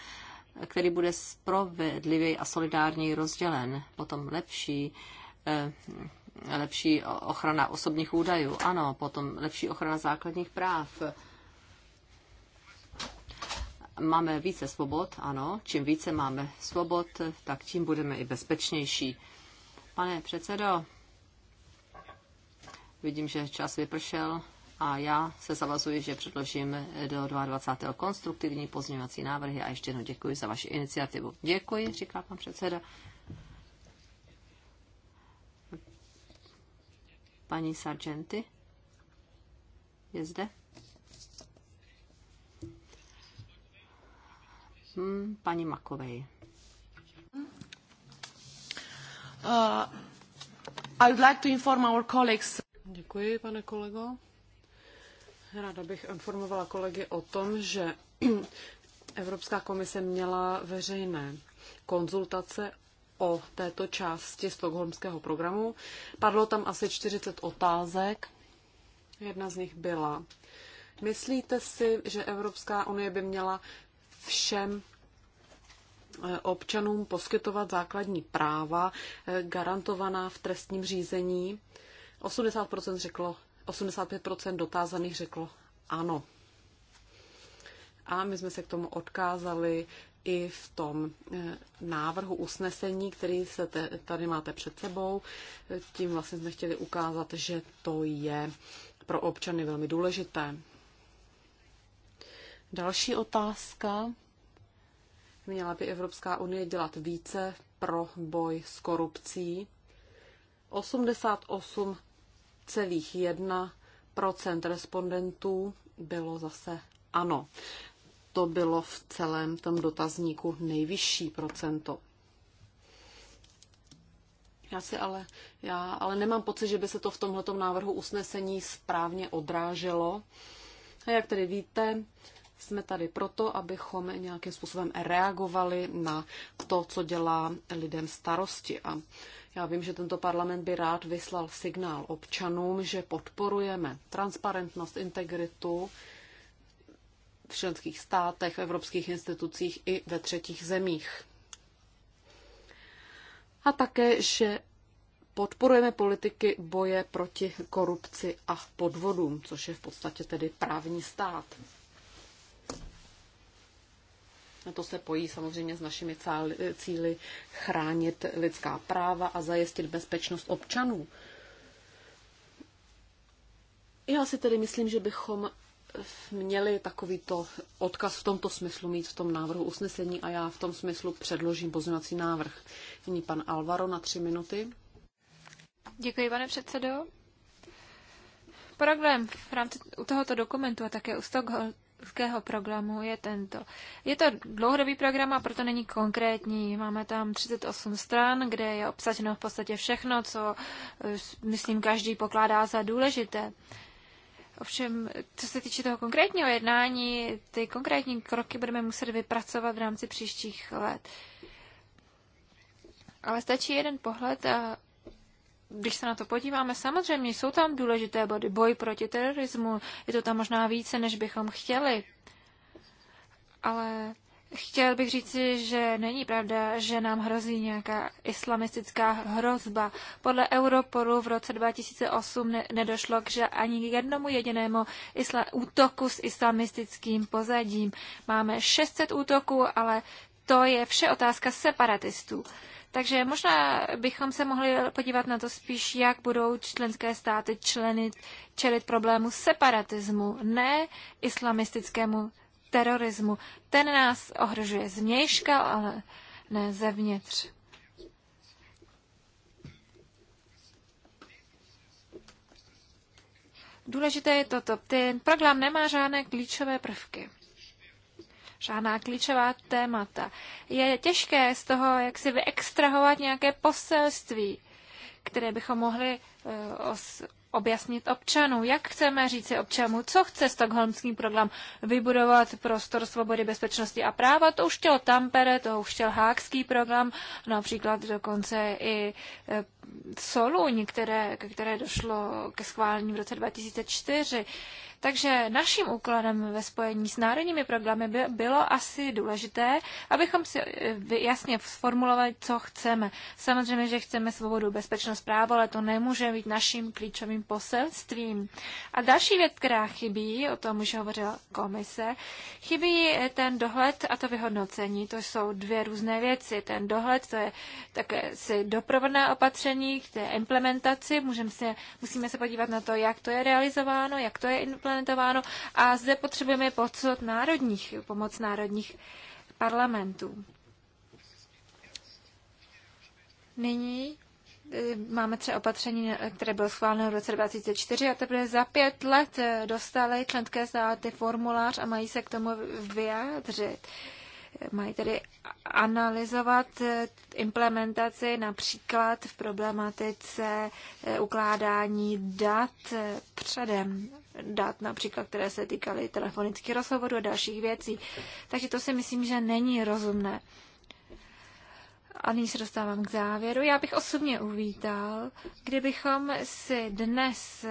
který bude spravedlivěji a solidárněji rozdělen, potom lepší eh, lepší ochrana osobních údajů, ano, potom lepší ochrana základních práv. Máme více svobod, ano, čím více máme svobod, tak tím budeme i bezpečnější. Pane předsedo, vidím, že čas vypršel a já se zavazuji, že předložím do 22. konstruktivní pozměňovací návrhy a ještě jednou děkuji za vaši iniciativu. Děkuji, říká pan předseda. Paní Sargenty je zde? Hmm, paní Makovej. Uh, I would like to inform our colleagues. Děkuji, pane kolego. Ráda bych informovala kolegy o tom, že Evropská komise měla veřejné konzultace o této části stokholmského programu. Padlo tam asi 40 otázek. Jedna z nich byla. Myslíte si, že Evropská unie by měla všem eh, občanům poskytovat základní práva eh, garantovaná v trestním řízení? 80% řeklo 85% dotázaných řeklo ano. A my jsme se k tomu odkázali i v tom eh, návrhu usnesení, který se tady máte před sebou. Tím vlastně jsme chtěli ukázat, že to je pro občany velmi důležité. Další otázka. Měla by Evropská unie dělat více pro boj s korupcí? 88 12,1 respondentů bylo zase ano. To bylo v celém tom dotazníku nejvyšší procento. Já si ale, já ale nemám pocit, že by se to v tomhletom návrhu usnesení správně odráželo. A jak tedy víte, jsme tady proto, abychom nějakým způsobem reagovali na to, co dělá lidem starosti. A já vím, že tento parlament by rád vyslal signál občanům, že podporujeme transparentnost, integritu v členských státech, v evropských institucích i ve třetích zemích. A také, že podporujeme politiky boje proti korupci a podvodům, což je v podstatě tedy právní stát. To se pojí samozřejmě s našimi cíly chránit lidská práva a zajistit bezpečnost občanů. Já si tedy myslím, že bychom měli takovýto odkaz v tomto smyslu mít v tom návrhu usnesení a já v tom smyslu předložím pozměňovací návrh. Nyní pan Alvaro na tři minuty. Děkuji, pane předsedo. Program v rámci u tohoto dokumentu a také u Stockholm, štokholmského programu je tento. Je to dlouhodobý program a proto není konkrétní. Máme tam 38 stran, kde je obsaženo v podstatě všechno, co eh, myslím každý pokládá za důležité. Ovšem, co se týče toho konkrétního jednání, ty konkrétní kroky budeme muset vypracovat v rámci příštích let. Ale stačí jeden pohled a když se na to podíváme, samozřejmě jsou tam důležité body. Boj proti terorismu, je to tam možná více, než bychom chtěli. Ale Chtěl bych říci, že není pravda, že nám hrozí nějaká islamistická hrozba. Podle Europolu v roce 2008 ne- nedošlo k že ani jednomu jedinému isla- útoku s islamistickým pozadím. Máme 600 útoků, ale to je vše otázka separatistů. Takže možná bychom se mohli podívat na to spíš, jak budou členské státy členy čelit problému separatismu, ne islamistickému terorismu. Ten nás ohrožuje zvnějška, ale ne zevnitř. Důležité je toto. Ten program nemá žádné klíčové prvky žádná klíčová témata. Je těžké z toho, jak si vyextrahovat nějaké poselství, které bychom mohli eh, objasnit občanům. Jak chceme říci občanům, co chce stokholmský program vybudovat prostor svobody, bezpečnosti a práva? To už chtěl Tampere, to už chtěl Hákský program, například dokonce i eh, Soluň, které, které došlo ke schválení v roce 2004. Takže naším úkolem ve spojení s národními programy by bylo asi důležité, abychom si eh, jasně sformulovali, co chceme. Samozřejmě, že chceme svobodu, bezpečnost, právo, ale to nemůže být naším klíčovým poselstvím. A další věc, která chybí, o tom už hovořila komise, chybí eh, ten dohled a to vyhodnocení. To jsou dvě různé věci. Ten dohled, to je také si doprovodné opatření k té implementaci. Můžeme se, musíme se podívat na to, jak to je realizováno, jak to je implementováno implementováno a zde potřebujeme podsud národních, pomoc národních parlamentů. Nyní e, máme třeba opatření, které bylo schváleno v roce 2004 a teprve za pět let e, dostaly členské státy formulář a mají se k tomu vyjádřit. E, mají tedy analyzovat implementaci například v problematice ukládání dat předem dat, například, které se týkaly telefonických rozhovorů a dalších věcí. Takže to si myslím, že není rozumné. A nyní se dostávám k závěru. Já bych osobně uvítal, kdybychom si dnes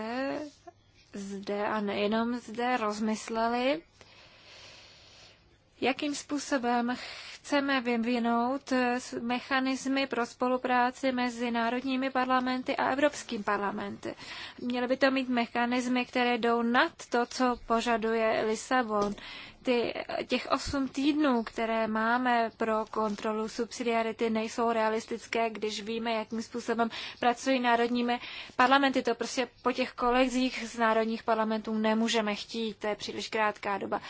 zde a nejenom zde rozmysleli, jakým způsobem chceme vyvinout eh, mechanismy pro spolupráci mezi národními parlamenty a Evropským parlamenty. Měly by to mít mechanismy, které jdou nad to, co požaduje Lisabon. Ty, eh, těch osm týdnů, které máme pro kontrolu subsidiarity, nejsou realistické, když víme, jakým způsobem pracují národními parlamenty. To prostě po těch kolegích z národních parlamentů nemůžeme chtít, to je příliš krátká doba.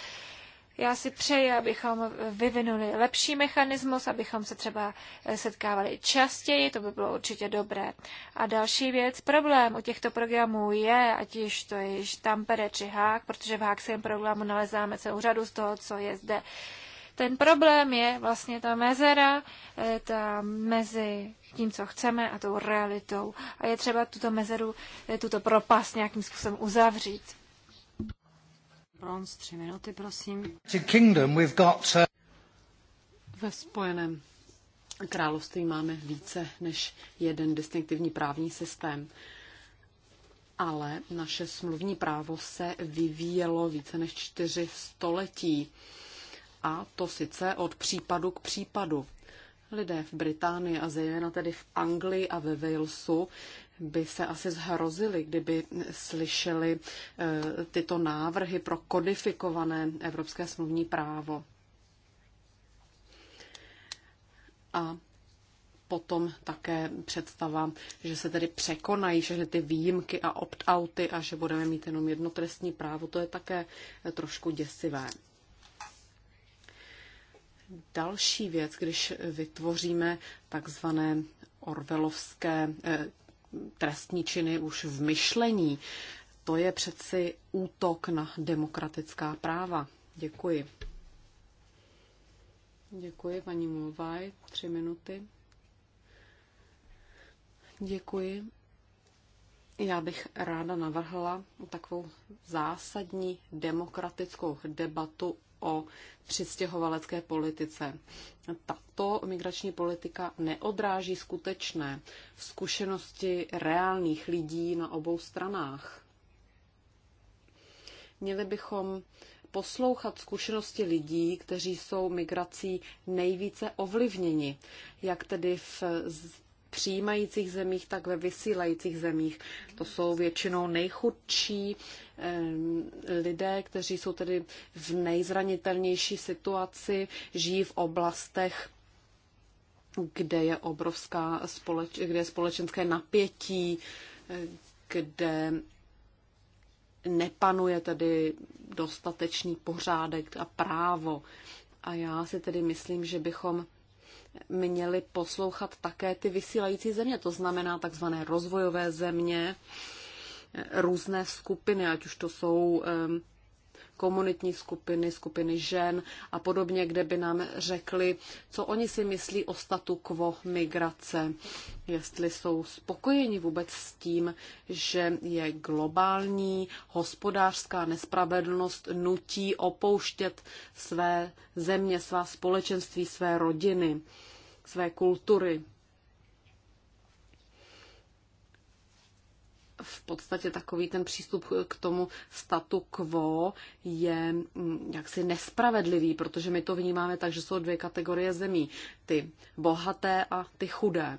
Já si přeji, abychom vyvinuli lepší mechanismus, abychom se třeba eh, setkávali častěji, to by bylo určitě dobré. A další věc, problém u těchto programů je, ať již to je již Tampere či Hák, protože v Hákském programu nalezáme celou řadu z toho, co je zde. Ten problém je vlastně ta mezera, eh, ta mezi tím, co chceme a tou realitou. A je třeba tuto mezeru, eh, tuto propast nějakým způsobem uzavřít tři minuty, prosím. Kingdom, we've got, uh, Ve Spojeném království máme více než jeden distinktivní právní systém. Ale naše smluvní právo se vyvíjelo více než čtyři století. A to sice od případu k případu. Lidé v Británii a zejména tedy v Anglii a ve Walesu by se asi zhrozili, kdyby slyšeli eh, tyto návrhy pro kodifikované evropské smluvní právo. A potom také představa, že se tedy překonají všechny ty výjimky a opt-outy a že budeme mít jenom jedno trestní právo, to je také eh, trošku děsivé. Další věc, když vytvoříme takzvané orvelovské eh, trestní činy už v myšlení. To je přeci útok na demokratická práva. Děkuji. Děkuji, paní Mulvaj. Tři minuty. Děkuji. Já bych ráda navrhla takovou zásadní demokratickou debatu o přistěhovalecké politice. Tato migrační politika neodráží skutečné zkušenosti reálných lidí na obou stranách. Měli bychom poslouchat zkušenosti lidí, kteří jsou migrací nejvíce ovlivněni, jak tedy v přijímajících zemích, tak ve vysílajících zemích. To jsou většinou nejchudší eh, lidé, kteří jsou tedy v nejzranitelnější situaci, žijí v oblastech, kde je obrovská společ- kde je společenské napětí, eh, kde nepanuje tedy dostatečný pořádek a právo. A já si tedy myslím, že bychom měly poslouchat také ty vysílající země, to znamená takzvané rozvojové země, eh, různé skupiny, ať už to jsou ehm, komunitní skupiny, skupiny žen a podobně, kde by nám řekli, co oni si myslí o statu quo migrace, jestli jsou spokojeni vůbec s tím, že je globální hospodářská nespravedlnost nutí opouštět své země, svá společenství, své rodiny své kultury. v podstatě takový ten přístup k tomu statu quo je mm, jaksi nespravedlivý, protože my to vnímáme tak, že jsou dvě kategorie zemí. Ty bohaté a ty chudé.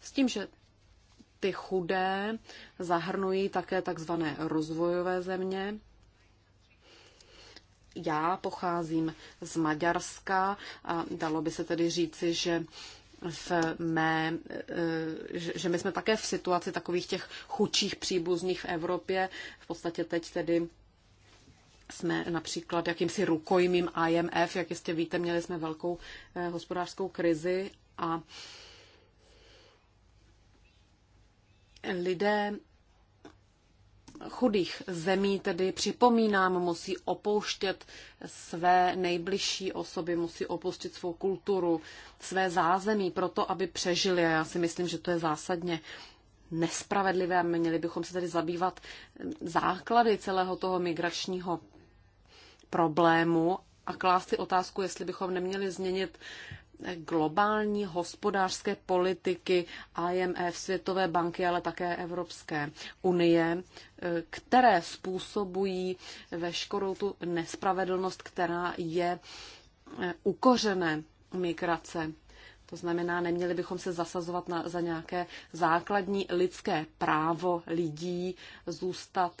S tím, že ty chudé zahrnují také takzvané rozvojové země, já pocházím z Maďarska a dalo by se tedy říci, že v mé, eh, že my jsme také v situaci takových těch chudších příbuzných v Evropě. V podstatě teď tedy jsme například jakýmsi rukojmím IMF, jak jistě víte, měli jsme velkou eh, hospodářskou krizi a lidé chudých zemí, tedy připomínám, musí opouštět své nejbližší osoby, musí opustit svou kulturu, své zázemí, proto aby přežili. A já si myslím, že to je zásadně nespravedlivé měli bychom se tedy zabývat základy celého toho migračního problému a klást si otázku, jestli bychom neměli změnit globální hospodářské politiky IMF, Světové banky, ale také Evropské unie, eh, které způsobují veškerou tu nespravedlnost, která je eh, ukořené migrace. To znamená, neměli bychom se zasazovat na, za nějaké základní lidské právo lidí zůstat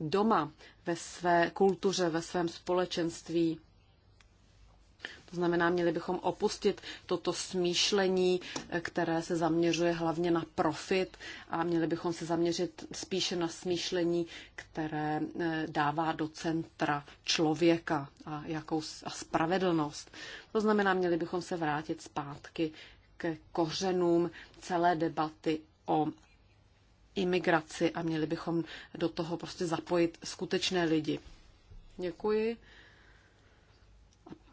doma ve své kultuře, ve svém společenství. To znamená, měli bychom opustit toto smýšlení, které se zaměřuje hlavně na profit a měli bychom se zaměřit spíše na smýšlení, které eh, dává do centra člověka a, jakou, a spravedlnost. To znamená, měli bychom se vrátit zpátky k kořenům celé debaty o imigraci a měli bychom do toho prostě zapojit skutečné lidi. Děkuji.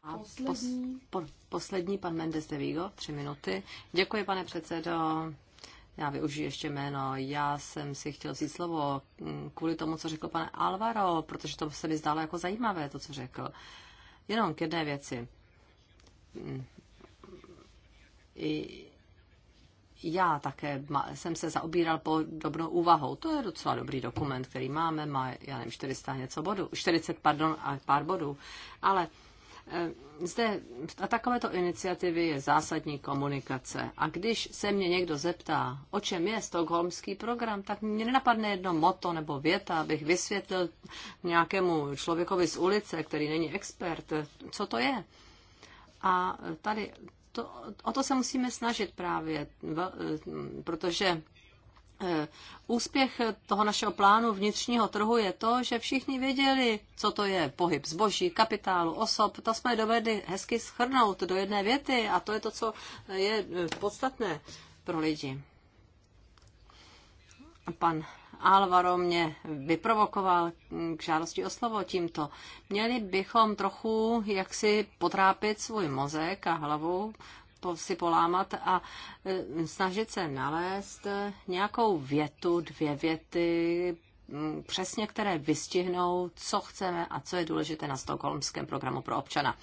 A poslední. Pos, po, poslední, pan Mendes de Vigo, tři minuty. Děkuji, pane předsedo. Já využiju ještě jméno. Já jsem si chtěl vzít slovo mm, kvůli tomu, co řekl pan Alvaro, protože to se mi zdálo jako zajímavé, to, co řekl. Jenom k jedné věci. Mm. I já také jsem se zaobíral po dobrou úvahou. To je docela dobrý dokument, který máme, má, já nevím, 400 něco bodů, 40, pardon, a pár bodů. Ale Eh, zde a takovéto iniciativy je zásadní komunikace. A když se mě někdo zeptá, o čem je stokholmský program, tak mě nenapadne jedno moto nebo věta, abych vysvětlil nějakému člověkovi z ulice, který není expert, co to je. A tady to, o to se musíme snažit právě, eh, protože Eh, úspěch toho našeho plánu vnitřního trhu je to, že všichni věděli, co to je pohyb zboží, kapitálu, osob. To jsme dovedli hezky schrnout do jedné věty a to je to, co je eh, podstatné pro lidi. Pan Álvaro mě vyprovokoval k žádosti o slovo tímto. Měli bychom trochu jaksi potrápit svůj mozek a hlavu, si polámat a e, snažit se nalézt e, nějakou větu, dvě věty, přesně které vystihnou, co chceme a co je důležité na stokholmském programu pro občana.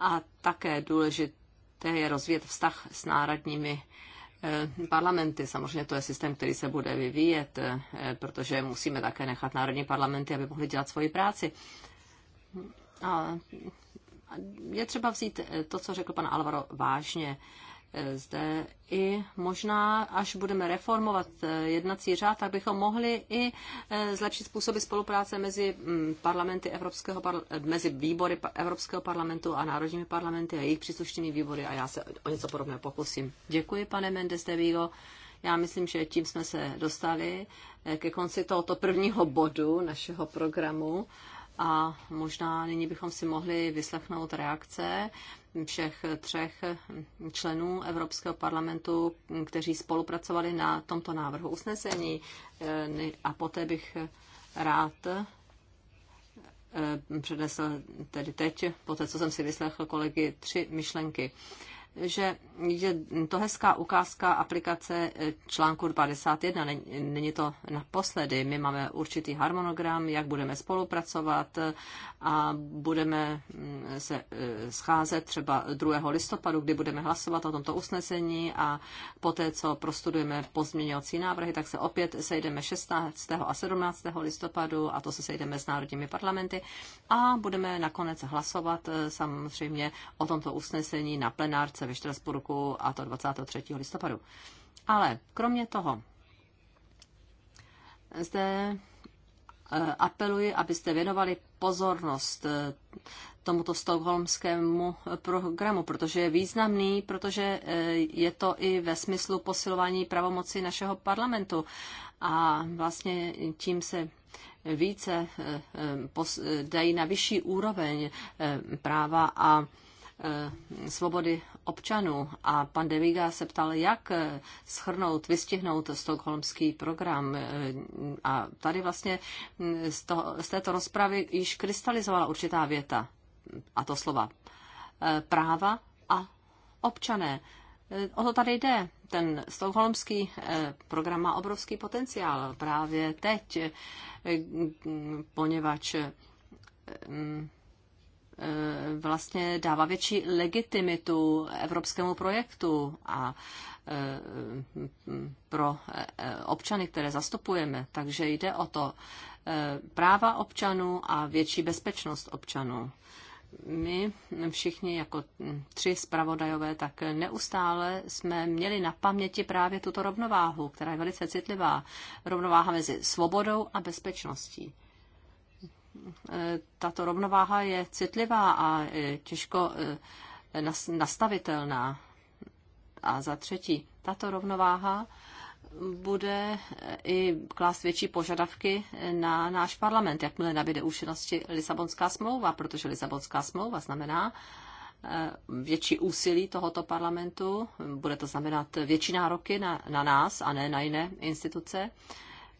A také důležité je rozvíjet vztah s národními e, parlamenty. Samozřejmě to je systém, který se bude vyvíjet, protože musíme také nechat národní parlamenty, aby mohli dělat svoji práci. A je třeba vzít eh, to, co řekl pan Alvaro, vážně eh, zde i možná, až budeme reformovat eh, jednací řád, tak bychom mohli i zlepšit způsoby spolupráce mezi mm, parlamenty Evropského, mezi výbory Evropského parlamentu a národními parlamenty a jejich příslušnými výbory a já se o něco podobného pokusím. Děkuji, pane Mendes de Vigo. Já myslím, že tím jsme se dostali ke konci tohoto prvního bodu našeho programu. A možná nyní bychom si mohli vyslechnout reakce všech třech členů Evropského parlamentu, kteří spolupracovali na tomto návrhu usnesení. Eh, a poté bych rád eh, přednesl tedy teď, poté co jsem si vyslechl kolegy, tři myšlenky že je to hezká ukázka aplikace eh, článku 51. Není to naposledy. My máme určitý harmonogram, jak budeme spolupracovat eh, a budeme mm, se eh, scházet třeba 2. listopadu, kdy budeme hlasovat o tomto usnesení a poté, co prostudujeme pozměňovací návrhy, tak se opět sejdeme 16. a 17. listopadu a to se sejdeme s národními parlamenty a budeme nakonec hlasovat samozřejmě o tomto usnesení na plenárce konference ve Štrasburku a to 23. listopadu. Ale kromě toho, zde e, apeluji, abyste věnovali pozornost e, tomuto stokholmskému programu, protože je významný, protože e, je to i ve smyslu posilování pravomoci našeho parlamentu. A vlastně tím se více dají na vyšší úroveň práva a Eh, svobody občanů. A pan De Viga se ptal, jak eh, schrnout, vystihnout stokholmský program. Eh, a tady vlastně mm, z, toho, z této rozpravy již krystalizovala určitá věta, a to slova práva a občané. O to tady jde. Ten stokholmský program má obrovský potenciál právě teď, poněvadž mm, Eh, vlastně dává větší legitimitu evropskému projektu a eh, pro eh, občany, které zastupujeme. Takže jde o to práva občanů a větší bezpečnost občanů. My všichni jako tři zpravodajové, tak neustále jsme měli na paměti právě tuto rovnováhu, která je velice citlivá. Rovnováha mezi svobodou a bezpečností. Eh, tato rovnováha je citlivá a eh, těžko eh, nastavitelná. A za třetí, tato rovnováha bude i klást větší požadavky na náš parlament, jakmile nabíde účinnosti Lisabonská smlouva, protože Lisabonská smlouva znamená větší úsilí tohoto parlamentu, bude to znamenat větší nároky na, na nás a ne na jiné instituce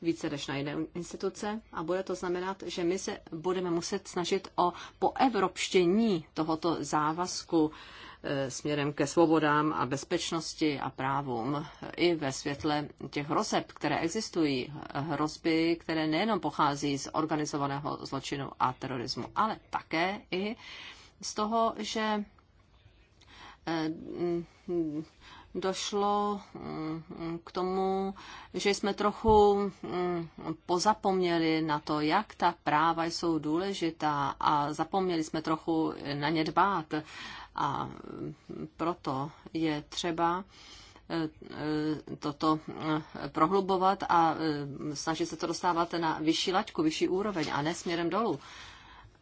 více než na jiné instituce a bude to znamenat, že my se budeme muset snažit o poevropštění tohoto závazku e, směrem ke svobodám a bezpečnosti a právům e, i ve světle těch hrozeb, které existují, e, hrozby, které nejenom pochází z organizovaného zločinu a terorismu, ale také i z toho, že došlo mm, k tomu, že jsme trochu mm, pozapomněli na to, jak ta práva jsou důležitá a zapomněli jsme trochu na ně dbát. A proto je třeba eh, toto eh, prohlubovat a eh, snažit se to dostávat na vyšší laťku, vyšší úroveň a ne směrem dolů.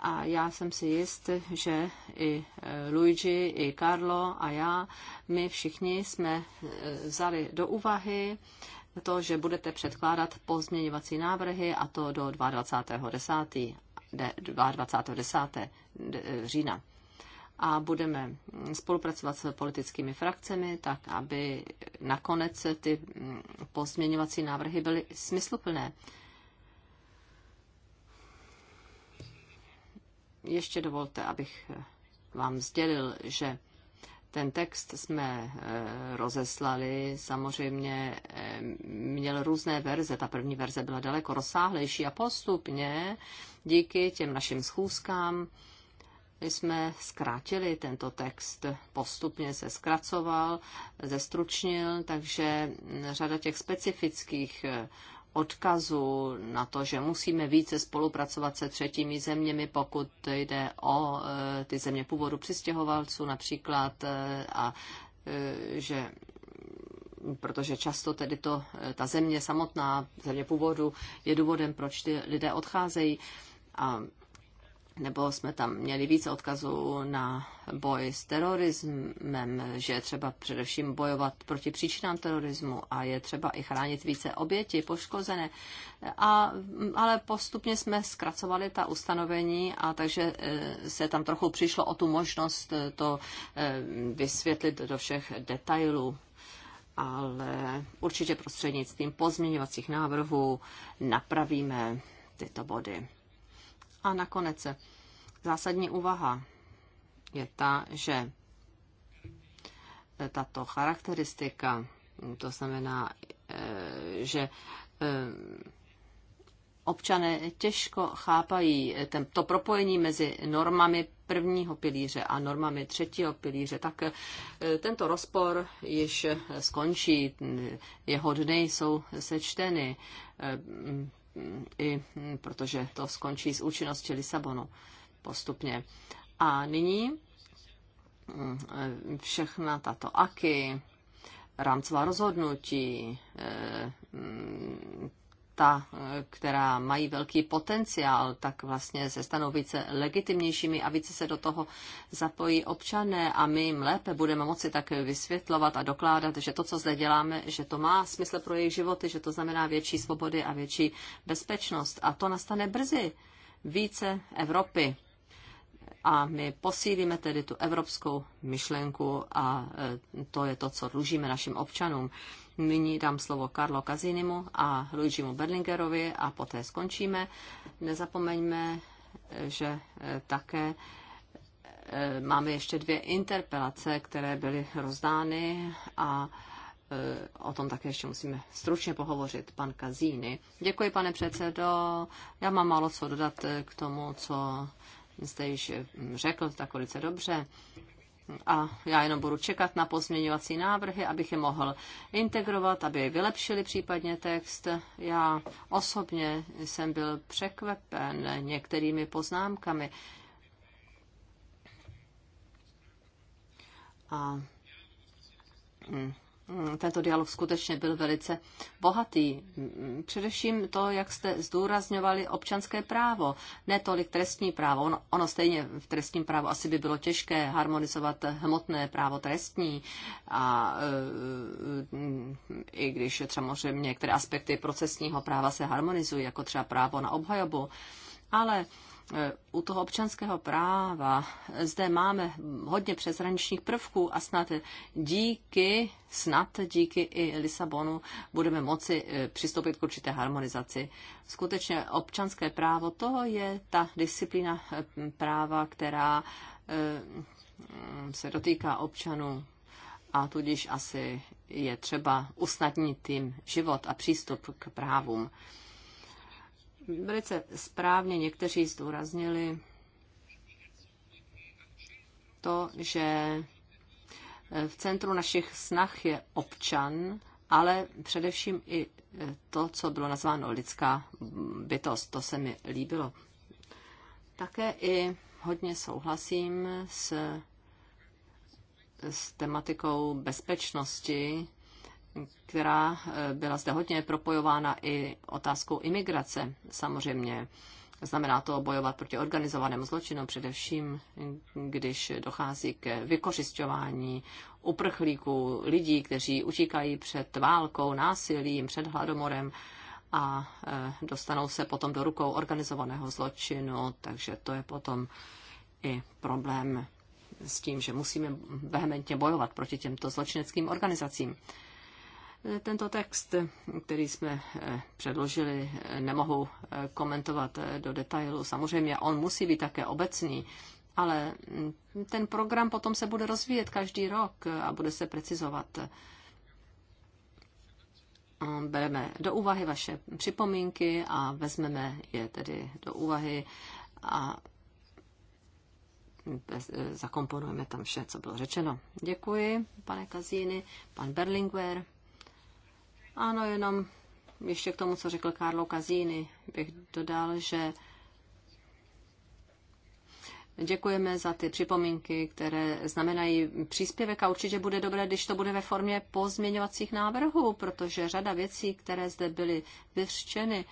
A já jsem si jist, že i e, Luigi, i Carlo a já, my všichni jsme e, vzali do úvahy to, že budete předkládat pozměňovací návrhy a to do 22.10. 22. E, října. A budeme spolupracovat s politickými frakcemi, tak aby nakonec ty pozměňovací návrhy byly smysluplné. ještě dovolte, abych eh, vám sdělil, že ten text jsme eh, rozeslali, samozřejmě eh, měl různé verze. Ta první verze byla daleko rozsáhlejší a postupně díky těm našim schůzkám jsme zkrátili tento text. Postupně se zkracoval, zestručnil, takže mm, řada těch specifických odkazu na to, že musíme více spolupracovat se třetími zeměmi, pokud jde o eh, ty země původu přistěhovalců například eh, a eh, že protože často tedy to, ta země samotná, země původu, je důvodem, proč ty lidé odcházejí. A nebo jsme tam měli více odkazů na boj s terorismem, že je třeba především bojovat proti příčinám terorismu a je třeba i chránit více oběti poškozené. A, ale postupně jsme zkracovali ta ustanovení a takže e, se tam trochu přišlo o tu možnost e, to e, vysvětlit do všech detailů ale určitě prostřednictvím pozměňovacích návrhů napravíme tyto body. A nakonec zásadní uvaha je ta, že tato charakteristika, to znamená, eh, že eh, občané těžko chápají eh, ten, to propojení mezi normami prvního pilíře a normami třetího pilíře, tak tento rozpor již skončí. Jeho dny jsou sečteny i protože to skončí s účinností Lisabonu postupně. A nyní mm, všechna tato aky, rámcová rozhodnutí, eh, mm, ta, která mají velký potenciál, tak vlastně se stanou více legitimnějšími a více se do toho zapojí občané a my jim lépe budeme moci tak vysvětlovat a dokládat, že to, co zde děláme, že to má smysl pro jejich životy, že to znamená větší svobody a větší bezpečnost. A to nastane brzy. Více Evropy. A my posílíme tedy tu evropskou myšlenku a e, to je to, co dlužíme našim občanům. Nyní dám slovo Karlo Kazinimu a Luigimu Berlingerovi a poté skončíme. Nezapomeňme, že e, také e, máme ještě dvě interpelace, které byly rozdány a e, o tom také ještě musíme stručně pohovořit, pan Kazíny. Děkuji, pane předsedo. Já mám málo co dodat k tomu, co jste již řekl tak velice dobře a já jenom budu čekat na pozměňovací návrhy, abych je mohl integrovat, aby je vylepšili případně text. Já osobně jsem byl překvapen některými poznámkami. A mm, Mm, tento dialog skutečně byl velice bohatý. Mm, především to, jak jste zdůrazňovali občanské právo, ne tolik trestní právo. Ono, ono stejně v trestním právu asi by bylo těžké harmonizovat hmotné právo trestní, a, e, e, i když třeba některé aspekty procesního práva se harmonizují, jako třeba právo na obhajobu, ale u toho občanského práva zde máme hodně přeshraničních prvků a snad díky, snad díky i Lisabonu budeme moci eh, přistoupit k určité harmonizaci. Skutečně občanské právo, to je ta disciplína eh, práva, která eh, se dotýká občanů a tudíž asi je třeba usnadnit jim život a přístup k právům. Velice správně někteří zdůraznili to, že v centru našich snah je občan, ale především i to, co bylo nazváno lidská bytost. To se mi líbilo. Také i hodně souhlasím s, s tematikou bezpečnosti která eh, byla zde hodně propojována i otázkou imigrace. Samozřejmě znamená to bojovat proti organizovanému zločinu, především když dochází k vykořišťování uprchlíků, lidí, kteří utíkají před válkou, násilím, před hladomorem a eh, dostanou se potom do rukou organizovaného zločinu, takže to je potom i problém s tím, že musíme vehementně bojovat proti těmto zločineckým organizacím. Eh, tento text, který jsme eh, předložili, eh, nemohu komentovat do detailu. Samozřejmě on musí být také obecný, ale mm, ten program potom se bude rozvíjet každý rok a bude se precizovat. Bereme do úvahy vaše připomínky a vezmeme je tedy do úvahy a mm, zakomponujeme tam vše, co bylo řečeno. Děkuji, pane Kazíny, pan Berlinguer. Ano, jenom ještě k tomu, co řekl Karlo Kazíny, bych dodal, že Děkujeme za ty připomínky, které znamenají příspěvek a určitě bude dobré, když to bude ve formě pozměňovacích návrhů, protože řada věcí, které zde byly vyřčeny,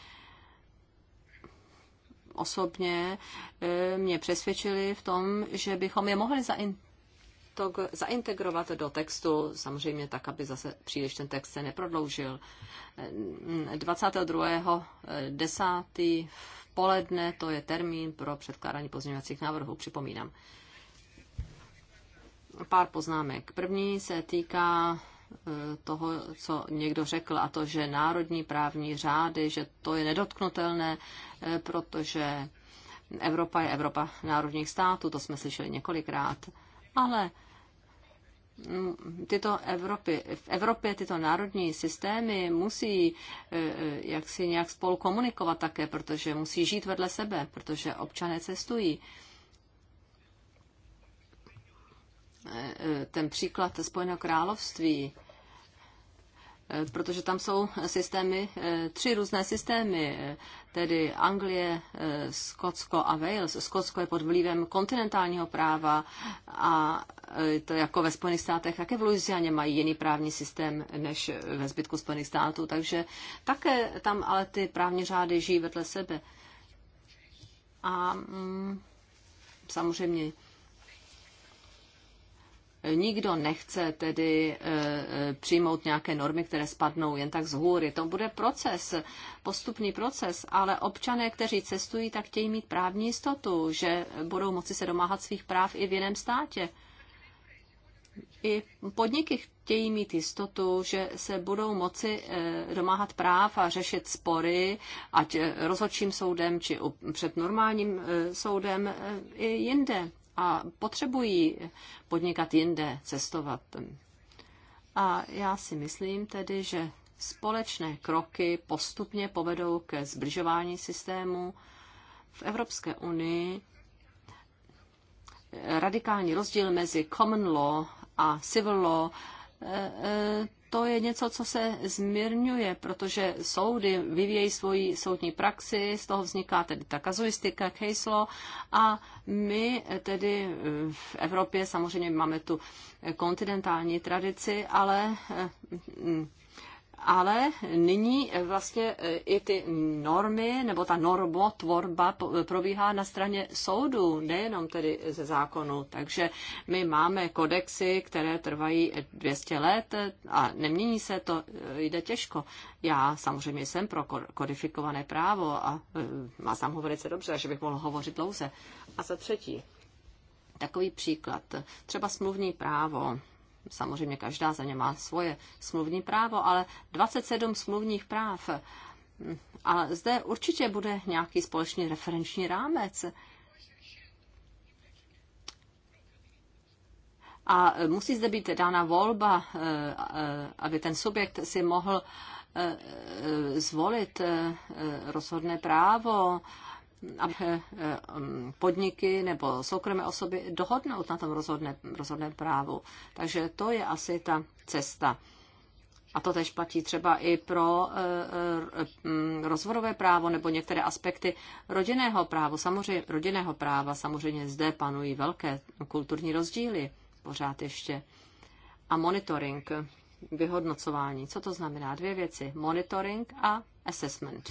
osobně eh, mě přesvědčili v tom, že bychom je mohli zaintegrovat to zaintegrovat do textu, samozřejmě tak, aby zase příliš ten text se neprodloužil. 22.10. Eh, eh, v poledne to je termín pro předkládání pozměňovacích návrhů, připomínám. Pár poznámek. První se týká eh, toho, co někdo řekl, a to, že národní právní řády, že to je nedotknutelné, protože Evropa je Evropa národních států, to jsme slyšeli několikrát ale mm, tyto Evropy, v Evropě tyto národní systémy musí e, e, jak si nějak spolu komunikovat také, protože musí žít vedle sebe, protože občané cestují. E, ten příklad Spojeného království Eh, protože tam jsou systémy, eh, tři různé systémy, eh, tedy Anglie, Skotsko a Wales. Skotsko je pod vlivem kontinentálního práva a to jako ve Spojených státech, také v Louisianě mají jiný právní systém než ve zbytku Spojených států, takže také tam ale ty právní řády žijí vedle sebe. A mm, samozřejmě Nikdo nechce tedy eh, eh, přijmout nějaké normy, které spadnou jen tak z hůry. To bude proces, postupný proces, ale občané, kteří cestují, tak chtějí mít právní jistotu, že budou moci se domáhat svých práv i v jiném státě. I podniky chtějí mít jistotu, že se budou moci eh, domáhat práv a řešit spory, ať rozhodčím soudem či před normálním soudem i jinde a potřebují podnikat jinde, cestovat. A já si myslím tedy, že společné kroky postupně povedou ke zbližování systému. V Evropské unii radikální rozdíl mezi common law a civil law eh, eh, to je něco, co se zmírňuje, protože soudy vyvíjejí svoji soudní praxi, z toho vzniká tedy ta kazuistika, case law, a my tedy eh, v Evropě samozřejmě máme tu kontinentální tradici, ale eh, mm, ale nyní eh, vlastně eh, i ty normy nebo ta normotvorba eh, probíhá na straně soudu, nejenom tedy ze zákonu. Takže my máme kodexy, které trvají 200 let a nemění se to, jde těžko. Já samozřejmě jsem pro kodifikované právo a má sám ho velice dobře, že bych mohl hovořit dlouze. A za třetí, takový příklad, třeba smluvní právo samozřejmě každá země má svoje smluvní právo, ale 27 smluvních práv. Ale zde určitě bude nějaký společný referenční rámec. A musí zde být dána volba, eh, eh, aby ten subjekt si mohl eh, zvolit rozhodné právo aby eh, eh, podniky nebo soukromé osoby dohodnout na tom rozhodné, rozhodném právu. Takže to je asi ta cesta. A to tež platí třeba i pro eh, rozvorové právo nebo některé aspekty rodinného práva. Samozřejmě rodinného práva, samozřejmě zde panují velké kulturní rozdíly pořád ještě. A monitoring, vyhodnocování. Co to znamená? Dvě věci. Monitoring a assessment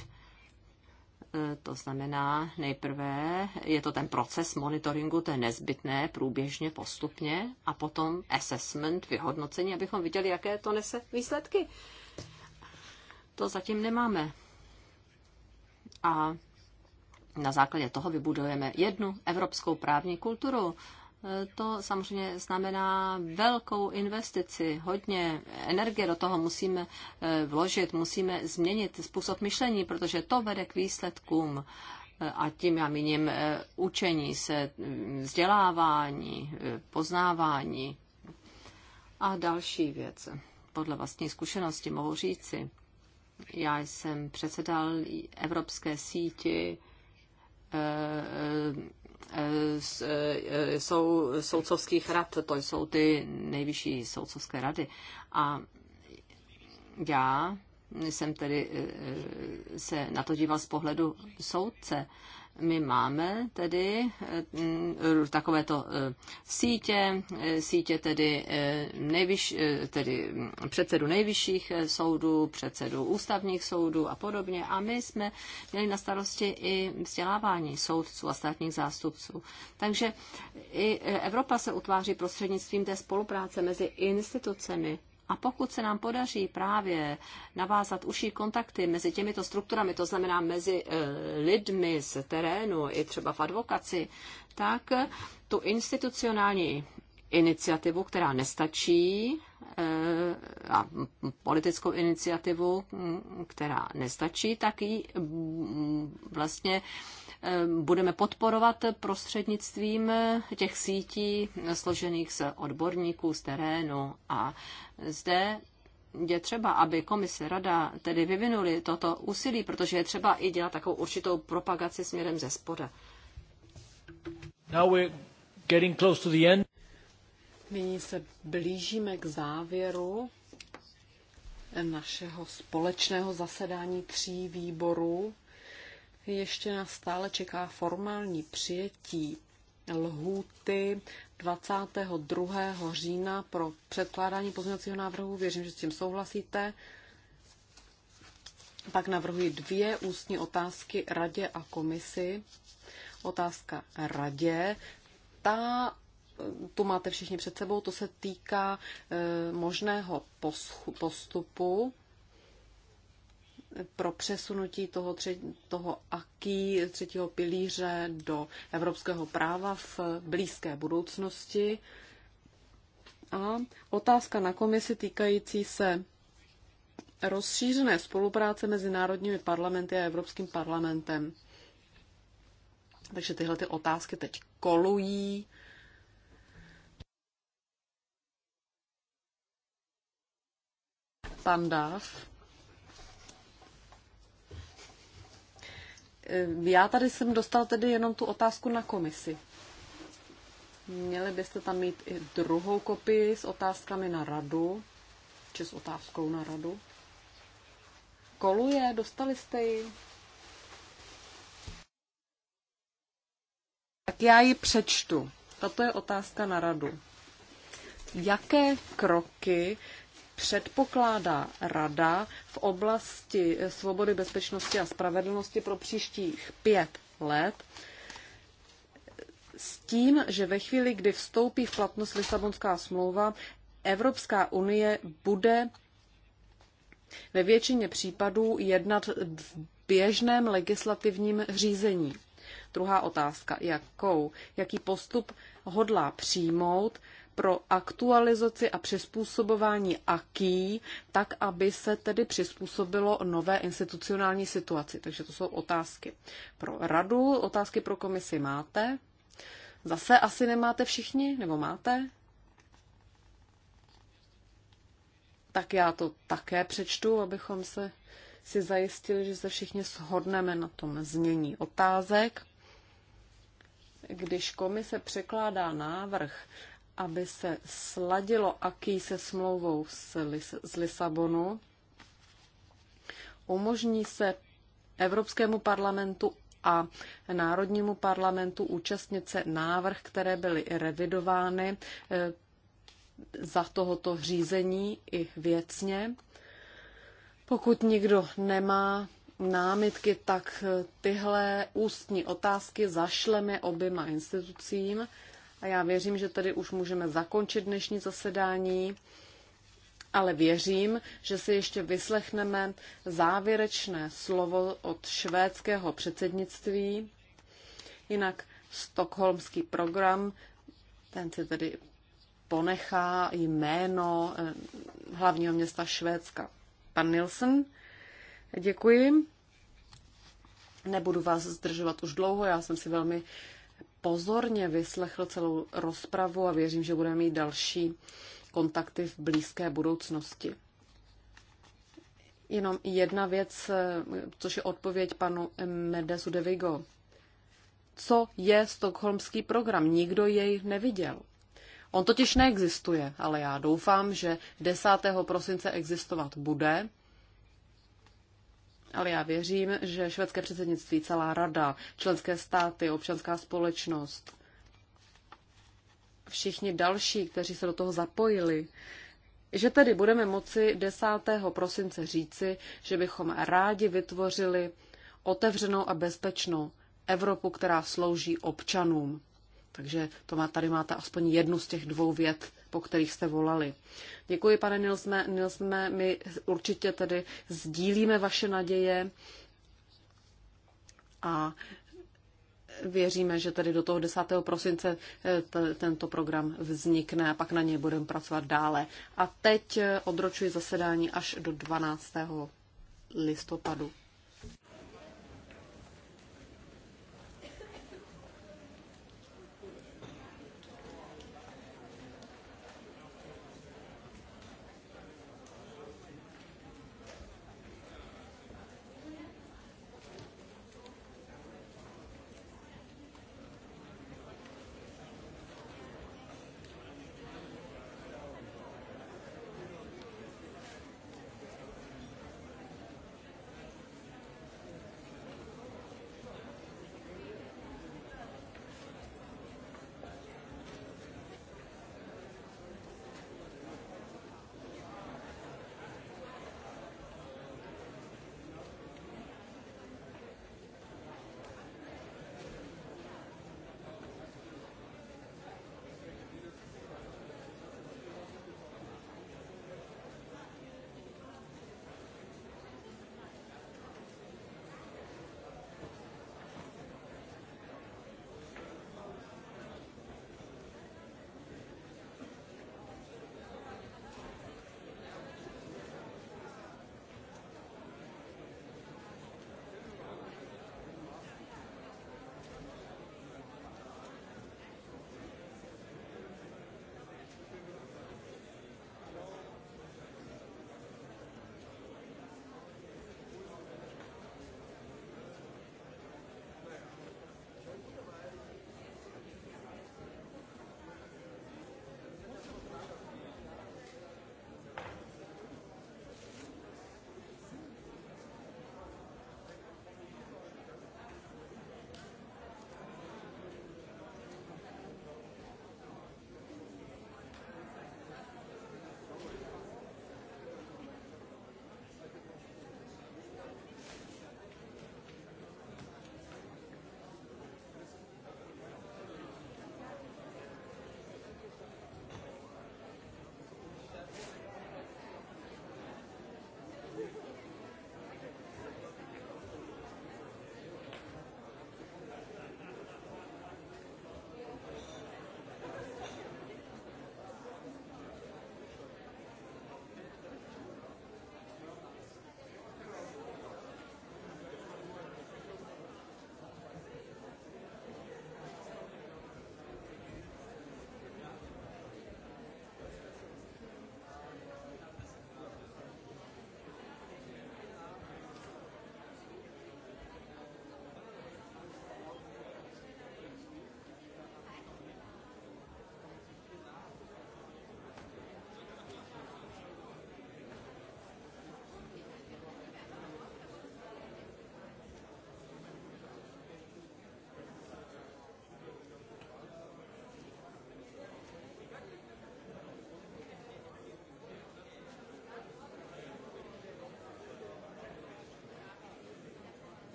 E, to znamená nejprve je to ten proces monitoringu, to je nezbytné průběžně, postupně a potom assessment, vyhodnocení, abychom viděli, jaké to nese výsledky. To zatím nemáme. A na základě toho vybudujeme jednu evropskou právní kulturu, to samozřejmě znamená velkou investici, hodně energie do toho musíme eh, vložit, musíme změnit způsob myšlení, protože to vede k výsledkům eh, a tím já míním eh, učení se, mm, vzdělávání, poznávání. A další věc, podle vlastní zkušenosti mohu říci, já jsem předsedal Evropské síti E, e, jsou soudcovských rad, to jsou ty nejvyšší soudcovské rady. A já jsem tedy e, se na to díval z pohledu soudce my máme tedy eh, mm, takovéto eh, sítě, eh, sítě tedy, nejvyš, tedy mm, předsedu nejvyšších soudů, předsedu ústavních soudů a podobně. A my jsme měli na starosti i vzdělávání soudců a státních zástupců. Takže i Evropa se utváří prostřednictvím té spolupráce mezi institucemi. A pokud se nám podaří právě navázat užší kontakty mezi těmito strukturami, to znamená mezi eh, lidmi z terénu i třeba v advokaci, tak tu institucionální iniciativu, která nestačí, eh, a politickou iniciativu, mm, která nestačí, tak ji mm, vlastně Ehm, budeme podporovat prostřednictvím těch sítí složených z odborníků z terénu. A zde je třeba, aby komise, rada tedy vyvinuli toto úsilí, protože je třeba i dělat takovou určitou propagaci směrem ze spoda. Now we're close to the end. Nyní se blížíme k závěru našeho společného zasedání tří výborů ještě na stále čeká formální přijetí lhůty 22. října pro předkládání pozměňovacího návrhu. Věřím, že s tím souhlasíte. Pak navrhuji dvě ústní otázky radě a komisi. Otázka radě. Ta tu máte všichni před sebou, to se týká eh, možného postupu pro přesunutí toho, tři, toho aký třetího pilíře do evropského práva v blízké budoucnosti. A otázka na komisi týkající se rozšířené spolupráce mezi národními parlamenty a Evropským parlamentem. Takže tyhle ty otázky teď kolují. Pan Dáv Ehm, já tady jsem dostal tedy jenom tu otázku na komisi. Měli byste tam mít i druhou kopii s otázkami na radu, či s otázkou na radu. Koluje, dostali jste ji. Tak já ji přečtu. Tato je otázka na radu. Jaké kroky předpokládá Rada v oblasti eh, svobody, bezpečnosti a spravedlnosti pro příštích pět let s tím, že ve chvíli, kdy vstoupí v platnost Lisabonská smlouva, Evropská unie bude ve většině případů jednat v běžném legislativním řízení. Druhá otázka, jakou, jaký postup hodlá přijmout pro aktualizaci a přizpůsobování AKI, tak aby se tedy přizpůsobilo nové institucionální situaci. Takže to jsou otázky pro radu, otázky pro komisi máte. Zase asi nemáte všichni, nebo máte? Tak já to také přečtu, abychom se si zajistili, že se všichni shodneme na tom znění otázek. Když komise překládá návrh aby se sladilo aký se smlouvou z Lisabonu, umožní se Evropskému parlamentu a Národnímu parlamentu účastnit se návrh, které byly revidovány eh, za tohoto řízení i věcně. Pokud nikdo nemá námitky, tak eh, tyhle ústní otázky zašleme oběma institucím. A já věřím, že tady už můžeme zakončit dnešní zasedání, ale věřím, že si ještě vyslechneme závěrečné slovo od švédského předsednictví. Jinak stokholmský program, ten si tedy ponechá jméno eh, hlavního města Švédska. Pan Nilsen, děkuji. Nebudu vás zdržovat už dlouho, já jsem si velmi pozorně vyslechl celou rozpravu a věřím, že budeme mít další kontakty v blízké budoucnosti. Jenom jedna věc, což je odpověď panu Medesu de Vigo. Co je stokholmský program? Nikdo jej neviděl. On totiž neexistuje, ale já doufám, že 10. prosince existovat bude ale já věřím, že švédské předsednictví, celá rada, členské státy, občanská společnost, všichni další, kteří se do toho zapojili, že tedy budeme moci 10. prosince říci, že bychom rádi vytvořili otevřenou a bezpečnou Evropu, která slouží občanům. Takže to má, tady máte aspoň jednu z těch dvou věd, po kterých jste volali. Děkuji, pane Nilsme. Nilsme, my určitě tedy sdílíme vaše naděje a věříme, že tedy do toho 10. prosince eh, tento program vznikne a pak na něj budeme pracovat dále. A teď eh, odročuji zasedání až do 12. listopadu.